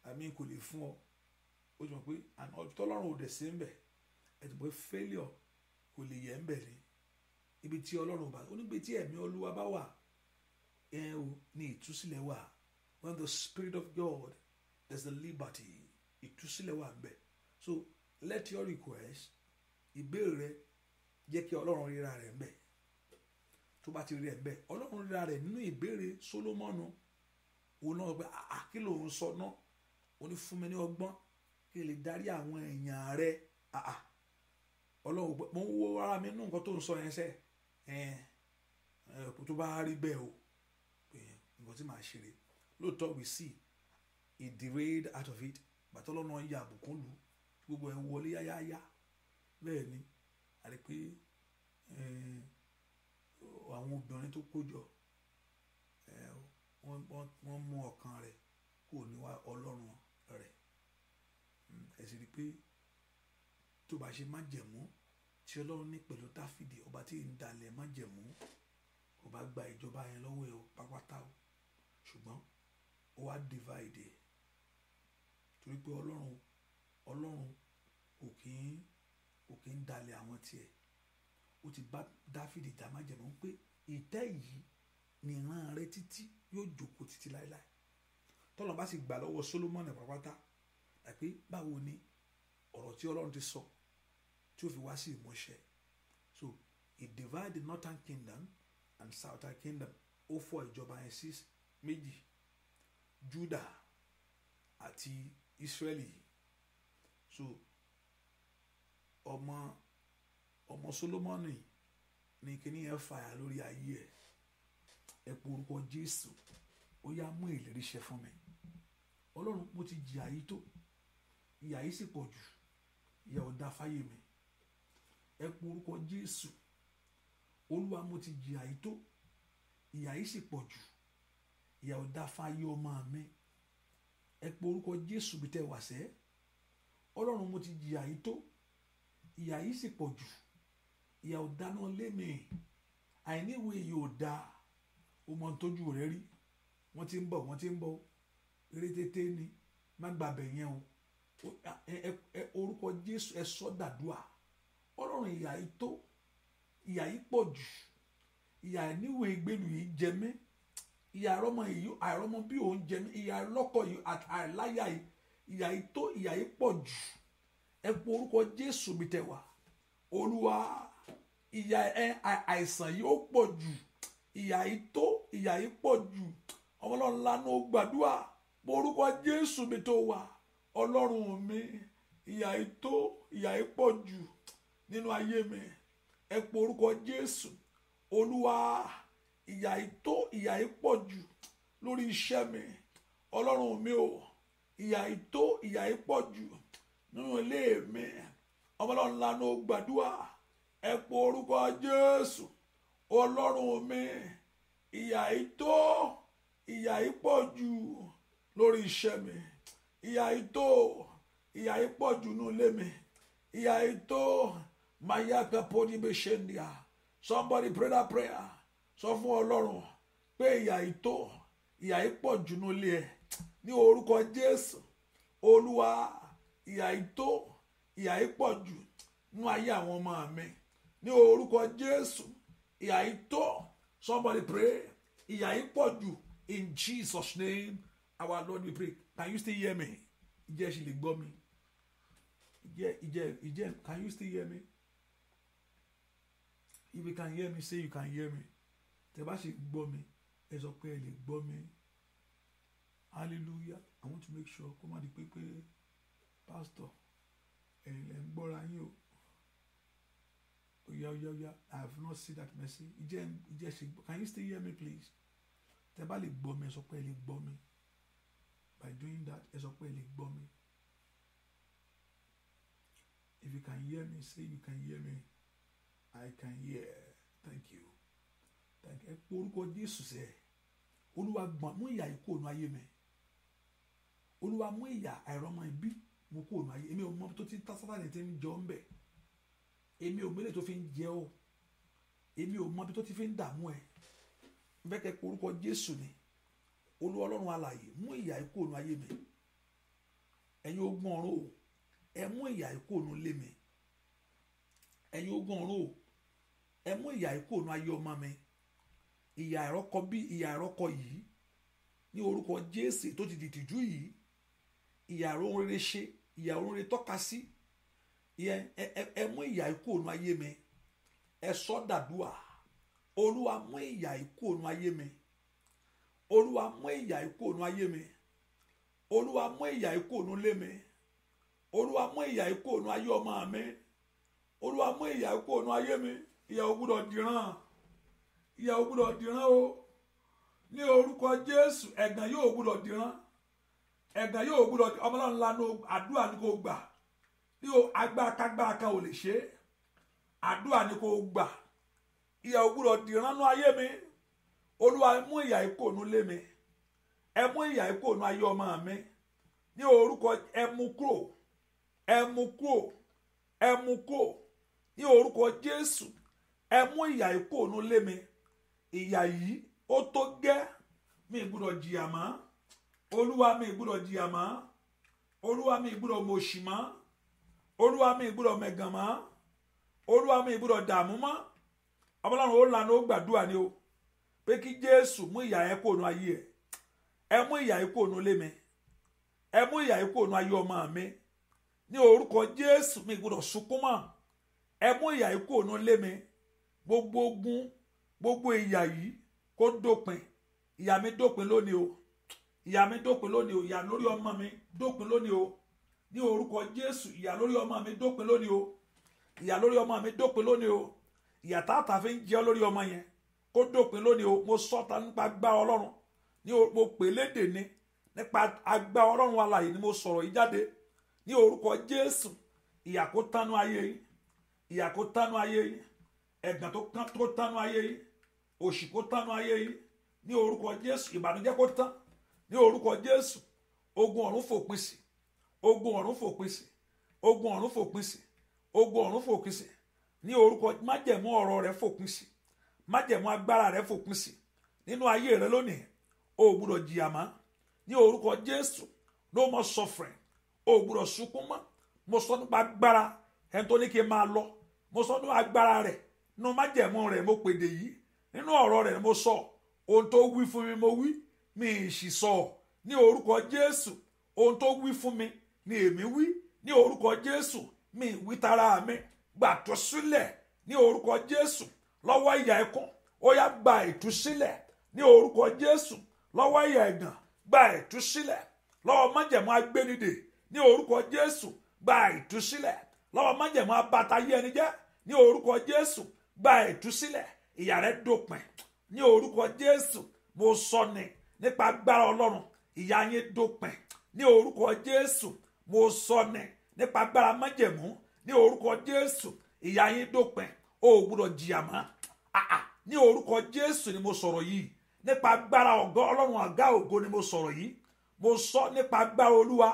àmì kò lè fún ọ ó ti pé àná tọ́lọ́run ò dẹ̀ ń bẹ ẹ̀dùn pé failure kò lè yẹ ń bẹ ni ibi tí ọlọ́run bá ó tí ẹ̀mí olúwa bá wà ẹ̀ o ìtúsílẹ̀ wà when the spirit of God there's the liberty ìtúsílẹ̀ wà ń bẹ so let your request ìbéèrè rẹ jẹ́ kí ọlọ́run ríra rẹ̀ ń bẹ tó bá ti rí ẹ bẹ́ẹ̀ ọlọ́run ríra rẹ̀ nínú ìbéèrè Sólómọ́nù òun náà pé àkí lòun sọ náà ó ní fún mi ní ọgbọ́n kí lè darí àwọn èèyàn rẹ ọlọ́run pé mo ń wo ara mi nínú nǹkan tó ń sọ yẹn sẹ́ tó bá rí bẹ́ẹ̀ o nǹkan tí màá ṣe rè lóòótọ́ we see he derailed out of it bàtọ́lọ́nà ya àbùkún lù gbogbo ẹ̀ ń wọlé yáyáyá bẹ́ẹ̀ ni àti pé. Eh, àwọn obìnrin tó kójọ wọ́n mú ọkàn rẹ̀ kò níwá ọlọ́run rẹ̀ hmm, ẹ sì rí i pé tó bá ṣe májẹ̀mú tí ọlọ́run ní pẹ̀lú táfìdì ọba tí ń dalẹ̀ májẹ̀mú kò bá gba ìjọba yẹn lọ́wọ́ ẹ pápátá o ṣùgbọ́n ó wá divide ẹ̀ torí pé ọlọ́run ọlọ́run kò kí ń dalẹ̀ àwọn tiẹ̀ ó ti bá dáfídì já májẹ̀mú pé ìtẹ́ yìí ni ìran rẹ títí yóò jókòó títí láéláé tọ́lọ́ bá sì gbà lọ́wọ́ solomoni pàápàá tàbí báwo ni ọ̀rọ̀ tí ọlọ́run ti sọ tí ó fi wá sí ìmúṣẹ so he divided the northern kingdom and southern kingdom ó fọ́ ìjọba yẹn sí méjì juda àti israeli so ọmọ. Um, ọmọ Solomoni ní kíní yẹn fàyà lórí ayé ẹ ẹ pé orúkọ Jésù ó yá mú ìlérí ṣẹ fún mi Ọlọ́run mo ti jìyà yìí tó ìyà yìí sì pọ̀ jù ìyà ọ̀dà fáyé mi ẹ pé orúkọ Jésù Olúwa mo ti jìyà yìí tó ìyà yìí sì pọ̀ jù ìyà ọ̀dà fáyé ọmọ mi ẹ pé Jésù bí tẹ́ Ọlọ́run mo ti jìyà yìí tó ìyà yìí sì pọ̀ jù ìyà ò dáná lé mi àìníwèé ìyà ò da o mọ tójú rẹ rí wọ́n ti ń bọ̀ wọ́n ti ń bọ̀ eré ni má gbàbẹ̀ yẹn o orúkọ jésù ẹ sọ dàdúà ọlọ́run ìyà yìí tó ìyà yìí pọ̀ jù ìyà níwèé ìgbélu yìí jẹ mí ìyà àrọ́mọ yìí àrọ́mọ bí òun jẹ ìyà lọ́kọ̀ yìí àìláyà yìí ìyà yìí ìyà yìí pọ̀ jù ẹ orúkọ jésù mi tẹ̀ wá olúwa ìyà àìsàn yìí ó pọ̀ jù ìyà yìí tó ìyà yìí pọ̀ jù ọmọlọ́run lánà ó gbàdúrà orúkọ jésù mi tó wà ọlọ́run mi ìyà yìí tó ìyà yìí pọ̀ jù nínú ayé mi ẹ pọ orúkọ jésù olúwa ìyà yìí tó ìyà yìí pọ̀ jù lórí iṣẹ́ mi ọlọ́run mi ò ìyà yìí tó ìyà yìí pọ̀ jù nínú ilé mi ọmọlọ́run lánà gbàdúrà ẹ po orúkọ jésù ọlọ́run mi ìyà yìí tó ìyà yìí pọ̀ jù lórí iṣẹ́ mi ìyà yìí tó ìyà yìí pọ̀ jù nínú ilé mi ìyà yìí tó mayaka podi bí ṣe ń dìá somebody pray that prayer sọ fún ọlọ́run pé ìyà yìí tó ìyà yìí pọ̀ jù nínú ilé ẹ ní orúkọ jésù olúwa ìyà yìí tó ìyà yìí pọ̀ jù nínú ayé àwọn ọmọ mi ní orúkọ jésù ìyà yìí tó somebody pray ìyà yìí pọ̀ jù in jesus name our lord we pray can you still hear me ìjẹ́ ṣì lè gbọ́ mi ìjẹ́ ìjẹ́ ìjẹ́ can you still hear me if you can hear me say you can hear me tẹ́ bá ṣe gbọ́ mi ẹ sọ pé ẹ lè gbọ́ mi hallelujah i want to make sure kó má di pé pé pastor ẹ̀yin lẹ́ ń gbọ́ra yín o. Yeah, yeah, yeah. I have not seen that mercy ìjẹ́ ìjẹ́ ṣe can you still hear me please tẹ́ bá lè gbọ́ mi ẹ sọ by doing that ẹ sọ pé if you can hear me say you can hear me I can hear thank you thank you ẹ pé orúkọ Jésù sẹ Olúwa gbọ̀n mú ìyà ikú òun ayé mi Olúwa mú ìyà àìrọ́mọ ìbí mo kú òun ayé mi ò mọ tó ti tá sátánì tí ń jọ ń bẹ̀ èmi ò mélòó tó fi ń jẹ ọ́ èmi ò mọ tó ti fi ń dààmú ẹ bẹ́kẹ́ pé orúkọ jésù ni olú ọlọ́run alààyè mú ìyà ikú òun ayé mi ẹ̀yin ogun ọ̀run o ẹ mú ìyà ikú òun lé mi ẹ̀yin ogun ọ̀run o ẹ mú ìyà ikú òun ayé ọmọ mi ìyà ìrọ́kọ bí ìyà ìrọ́kọ yìí ní orúkọ jésù tó ti dìtìjú yìí ìyà ìrọ̀run rere ṣe ìyà ìrọ̀run rere tọ́ka sí. Si yẹn ẹ mú ikú ònú ayé mi ẹ sọ dàdúà olúwa mú ìyà ikú ònú ayé mi olúwa mú ìyà ikú ònú ayé mi olúwa mú ìyà ikú ònú lé mi olúwa mú ìyà ikú ònú ayé ọmọ mi olúwa mú ikú ònú ayé mi gbúdọ̀ o ní orúkọ jésù ẹ̀gàn yóò gbúdọ̀ dìran ẹ̀gàn yóò gbúdọ̀ ọmọláńlá àdúrà kò gbà. ní o agbákagbára kan ò lè ṣe é àdúrà ni kò gbà ìyà ògbúrọ̀ dìránú ayé mi olúwa mú ìyà ìkóònú lé mi ẹ mú ìyà ìkóònú ayé ọmọ mi ní orúkọ ẹ mú kúrò ẹ mú kúrò ẹ mú kúrò ní orúkọ jésù ẹ mú ìyà ìkóònú lé mi ìyà yìí ó tó gẹ́ mi gbúdọ̀ jìyà mọ́ olúwa mi gbúdọ̀ jìyà mọ́ olúwa mi gbúdọ̀ mọ̀ọ́sì mọ́ olúwa mi ìgbúdọ̀ mẹ̀gàn mọ́ olúwa mi ìgbúdọ̀ dààmú mọ́ ọmọláwọn ó lanu ó gbàdúrà ni o pé kí jésù mú ìyá ẹ kúrò ayé ẹ ẹ mú ìyà ẹ kúrò nù ilé mi ẹ mú ìyà ẹ kúrò ayé ọmọ mi ní orúkọ jésù mi ìgbúdọ̀ sunkún mọ́ ẹ mú ìyà ẹ kúrò nù mi gbogbo ogun gbogbo ìyà yìí kó dópin ìyà mi dópin lónìí o ìyà mi dópin lónìí o ìyà lórí ọmọ mi dópin lónìí o ní orúkọ jésù ìyà lórí ọmọ mi dópin lónìí o ìyà lórí ọmọ mi dópin lónìí o ìyà táàtà fi ń jẹ lórí ọmọ yẹn kó dópin lónìí o mo sọta nípa agbá ọlọ́run ní mo pè léde ni nípa agbá ọlọ́run alààyè ni mo sọ̀rọ̀ yìí jáde ní orúkọ jésù ìyà kó tánú ayé yín ìyà kó tánú ayé yín ẹ̀gàn tó tánú ayé yín òṣì kó tánú ayé yín ní orúkọ jésù ìbànújẹ́ kó tán ní orúkọ jésù ogun ọ̀run fòpin sí ogun ọ̀run fòpin sí ogun ọ̀run fòpin sí ogun ọ̀run fòpin sí ní orúkọ májẹ̀mú ọ̀rọ̀ rẹ fòpin sí májẹ̀mú agbára rẹ fòpin sí nínú ayé rẹ lónìí o gbúdọ̀ jìyà mọ́ ní orúkọ Jésù no more suffering o gbúdọ̀ sunkún mọ́ mo sọ nípa agbára ẹni tó ní kí n máa lọ mo sọ nípa agbára rẹ nínú májẹ̀mú rẹ mo pèdè yìí nínú ọ̀rọ̀ rẹ mo sọ ohun tó wí fún mi mo wí mi ì sì sọ ní orúkọ Jésù ohun tó wí fún mi ni èmi wí ní orúkọ jésù mi wí tara mi gbàtọ́ sílẹ̀ ní orúkọ jésù lọ́wọ́ ìyà ẹkún ó yá gba ìtúsílẹ̀ ní orúkọ jésù lọ́wọ́ ìyà ẹ̀gàn gba ìtúsílẹ̀ lọ́wọ́ májẹ̀mú agbénidè ní orúkọ jésù gba ìtúsílẹ̀ lọ́wọ́ májẹ̀mú abatayé ẹni jẹ́ ní orúkọ jésù gba ìtúsílẹ̀ ìyà rẹ dópin ní orúkọ jésù mo sọ ni nípa agbára ọlọ́run ìyà yín dópin ní orúkọ jésù mo sọ ni nípa agbára májẹ̀mú ní orúkọ jésù ìyà yín dópin o ò gbúdọ̀ jìyà mọ́ àà ní orúkọ jésù ni mo sọ̀rọ̀ yìí nípa agbára ọ̀gá ọlọ́run àgá ògo ni mo sọ̀rọ̀ yìí mo sọ nípa agbára olúwa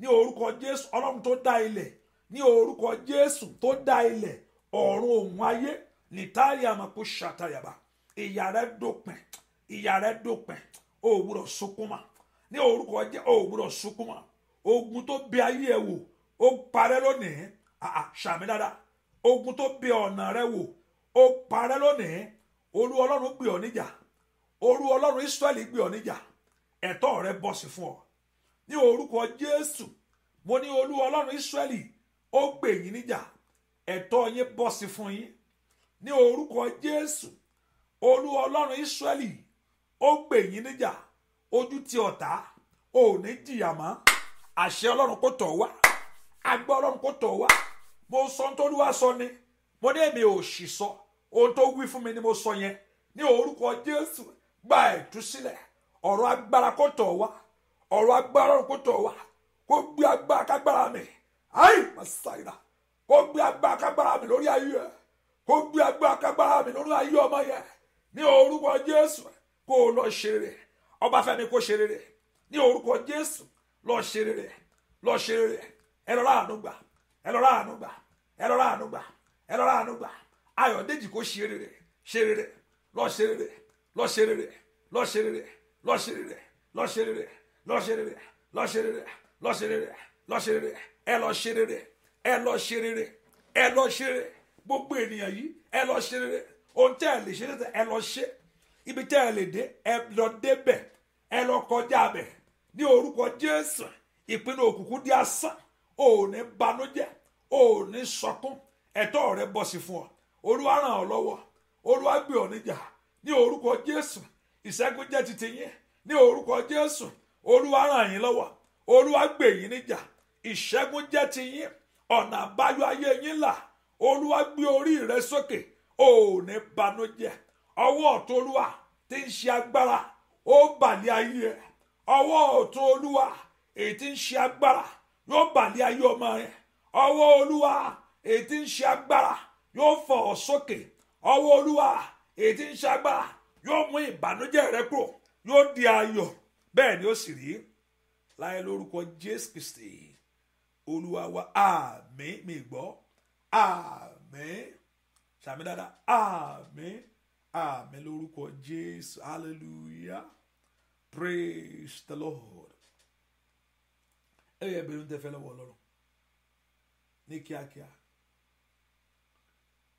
ní orúkọ jésù ọlọ́run tó dá ilẹ̀ ní orúkọ jésù tó dá ilẹ̀ ọ̀run òun ayé nìtàrí àmàkù ṣàtàyàbà ìyà rẹ dópin ìyà rẹ dópin o gbúdọ̀ sunkún mọ́ ní orúkọ jésù o gbúdọ̀ sunkún mọ́ ogun tó bẹ ayé ẹ wò ó parẹ́ lónìí ṣàmì dáadáa ogun tó bẹ ọ̀nà rẹ wò ó parẹ́ lónìí olú ọlọ́run gbé ọ níjà olú ọlọ́run gbé ọ níjà ẹ̀tọ́ Jésù mo ní olú ọlọ́run Ísírẹ́lì ó gbè yín níjà ẹ̀tọ́ yín sí fún yín ní orúkọ Jésù olú ọlọ́run Ísírẹ́lì ó yín níjà ojú ti ọ̀tá ò ní àṣẹ ọlọ́run kò tọ̀ wá agbọ́ ọlọ́run kò tọ̀ wá mo sọ ohun tó lúwa sọ ni mo ní èmi ò sì sọ ohun tó wí fún mi ni mo sọ yẹn ní orúkọ jésù gba ìtúsílẹ̀ ọ̀rọ̀ agbára kò tọ̀ wá ọ̀rọ̀ agbára ọlọ́run kò tọ̀ wá kó gbé agbára kágbára mi ayi masaira kó gbé agbára kágbára mi lórí ayé ẹ kó gbé agbára kágbára mi lórí ayé ọmọ yẹn ní orúkọ jésù kó lọ ṣe ọbáfẹ́mi kó ṣe ní orúkọ jésù lọ ṣe rere lọ ṣe rere ẹ lọ ráàánú gbà ẹ lọ ráàánú gbà ẹ lọ ráàánú gbà ẹ lọ ráàánú gbà ayọ̀dèjì kò ṣe rere ṣe rere lọ ṣe rere lọ ṣe rere lọ ṣe rere lọ ṣe rere lọ ṣe rere lọ ṣe rere lọ ṣe rere lọ ṣe rere lọ ṣe rere ẹ lọ ṣe rere ẹ lọ ṣe rere ẹ lọ ṣe gbogbo ènìyàn yìí ẹ lọ ṣe rere ohun tẹ́ ẹ lè ṣe ẹ lọ ṣe ibi tẹ́ ẹ lè dé ẹ lọ débẹ̀ ẹ lọ kọjá bẹ̀ ní orúkọ jésù ìpinnu òkùnkùn di asán ò ní banújẹ́ ò ní sọkún ẹ̀tọ́ rẹ bọ́ sí fún ọ olúwa ràn ọ́ lọ́wọ́ olúwa gbé ọ níjà ní orúkọ jésù ìṣẹ́gun jẹ́ ti tiyín ní orúkọ jésù olúwa ràn yín lọ́wọ́ olúwa gbé yín níjà ìṣẹ́gun jẹ́ tiyín ọ̀nà àbáyọ ayé yín là olúwa gbé orí rẹ sókè ò ní banújẹ́ ọwọ́ ọ̀tún olúwa tí ń ṣe agbára ó bàlẹ́ ayé rẹ ọwọ́ ọ̀tún olúwa èyí tí ń ṣe agbára yóò bàlẹ́ ayé ọmọ rẹ ọwọ́ olúwa èyí tí ń ṣe agbára yóò fọ̀ ọ́ sókè ọwọ́ olúwa èyí tí ń ṣe agbára yóò mú ìbànújẹ́ rẹ kúrò yóò di ayọ̀ bẹ́ẹ̀ ni ó sì rí láyé lórúkọ jésù kristi olúwa wa àmín mi gbọ́ àmín sàmì dáadáa àmín àmín lórúkọ jésù hallelujah praise the lord ẹ yẹ bẹ̀rù tẹ fẹ́ lọ́wọ́ ọlọ́run ní kíákíá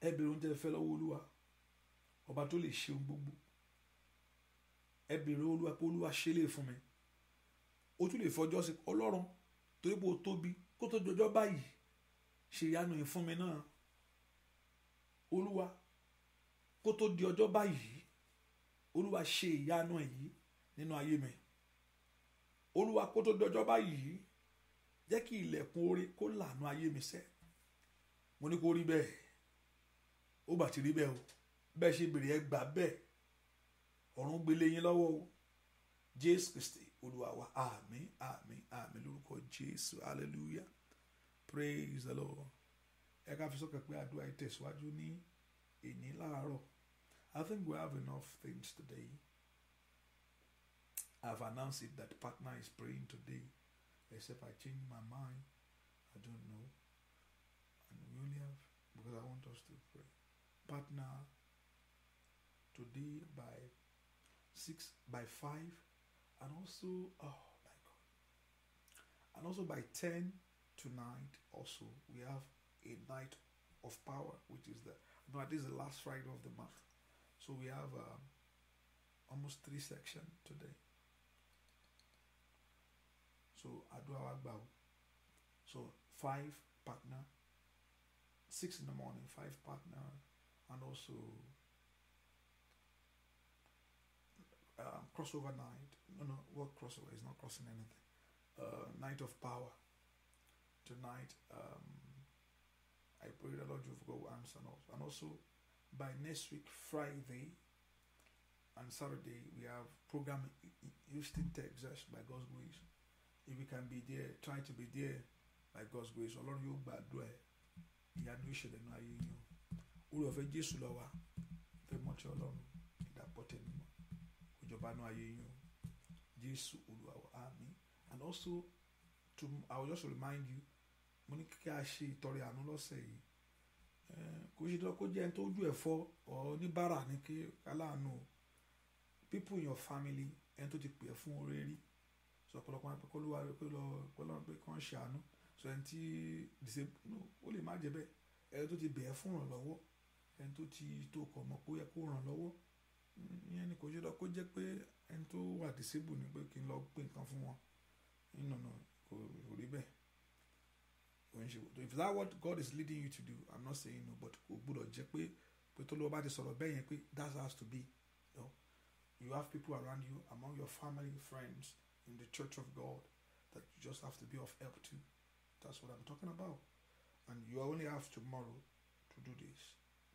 ẹ bẹ̀rù tẹ fẹ́ lọ́wọ́ olúwa ọba tó lè ṣe ohun gbogbo ẹ bẹ̀rù olúwa pé olúwa ṣe lè fún mi o tún lè fọjọ́ sí ọlọ́run torí pé o tóbi kó tó jọjọ́ báyìí ṣe ìyanu ìfún mi náà olúwa kó tó di ọjọ́ báyìí olúwa ṣe ìyanu èyí nínú ayé mi olúwa kó tó dọjọ́ báyìí jẹ́ kí ilẹ̀kùn orí kó lànà ayé mi sẹ́ mo ní kó rí bẹ́ẹ̀ ó bàtí rí bẹ́ẹ̀ o bẹ́ẹ̀ ṣe bèrè ẹ gbà bẹ́ẹ̀ ọ̀run gbélé yín lọ́wọ́ o jésù kristi olúwa wa àmín àmín àmín lórúkọ jésù hallelujah praise the lord ẹ ká fi sọ́kàn pé àdúrà ìtẹ̀síwájú ní èní láàárọ̀ i think we have enough things today. I've announced it that partner is praying today, except I change my mind. I don't know. And we only have because I want us to pray. Partner today by six by five, and also oh my God, and also by ten tonight. Also, we have a night of power, which is the no, is the last Friday of the month. So we have um, almost three section today so àdúrà wa so five partner six in the morning five partner and also um, crossover night no no what crossover is not crossing anything uh, night of power tonight um, I pray the Lord you've got answer and also by next week Friday and Saturday we have program Houston Texas by God's grace if you can be there try to be there by God's grace ọlọ́run yóò gbàdúrà ẹ̀ ìyanu ìṣẹ̀lẹ̀ náà ayé yín o orí ọ̀fẹ́ Jésù lọ wa fẹ́ mọ́tí ọlọ́run ìdàpọ̀ tẹ̀mímọ́ ìjọba náà ayé yín o Jésù Olúwa wa àmín and also to I will just remind you mo ní kí a ṣe ìtọrẹ àánú lọ́sẹ̀ yìí eh, kò ṣe tó kó jẹ́ ẹni tó ojú ẹ̀ ọ oníbàárà ní kí aláàánú people in your family ẹni tó ti pè é fún oore rí so ọ̀pọ̀lọpọ̀ pé kó lówó pé lọ pé lọ́n pé kàn ṣàánú so ẹni tí disable ó lè má jẹ bẹ́ẹ̀ ẹni tó ti bẹ̀ẹ́ fún ìrànlọ́wọ́ ẹni tó ti tó kọ̀ mọ́ kó yẹ kó ràn lọ́wọ́ ni kò ṣe lọ kó jẹ́ pé ẹni tó wà disable ni pé kí n lọ pé nǹkan fún wọn ìnànà kò rí bẹ́ẹ̀ òun ṣe if that what God is leading you to do I'm not saying no but kò gbọ́dọ̀ jẹ́ pé pé tó lọ́wọ́ bá ti sọ̀rọ̀ bẹ́ẹ̀ yẹn pé that has to be you, know, you have people around you among your family friends in the church of God that you just have to be of help to. That's what I'm talking about. And you only have tomorrow to do this.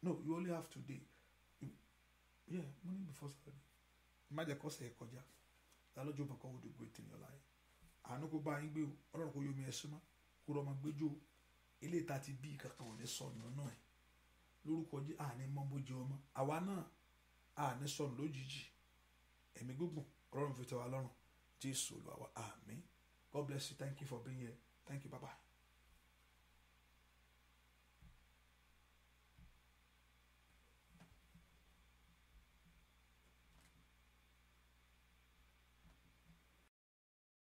No, you only have today. You, yeah, morning before Saturday. Imagine kọ́sẹ̀ ẹ̀ kọjá. Lord Jehovah kọ́ will do great in your life. Àánú kó bá yín gbé o, ọlọ́run kó yomi ẹ̀sùn Kuro kó rọ́ ọmọ Ilé ìta ti bí kankan ò ní sọnù náà ẹ̀. Lórúkọ jí àní mọ́ bó jẹ ọmọ. Àwa náà lójijì. Ẹ̀mí gbígùn Jesus, Olúwa wa God bless you thank you for being here thank you bye bye.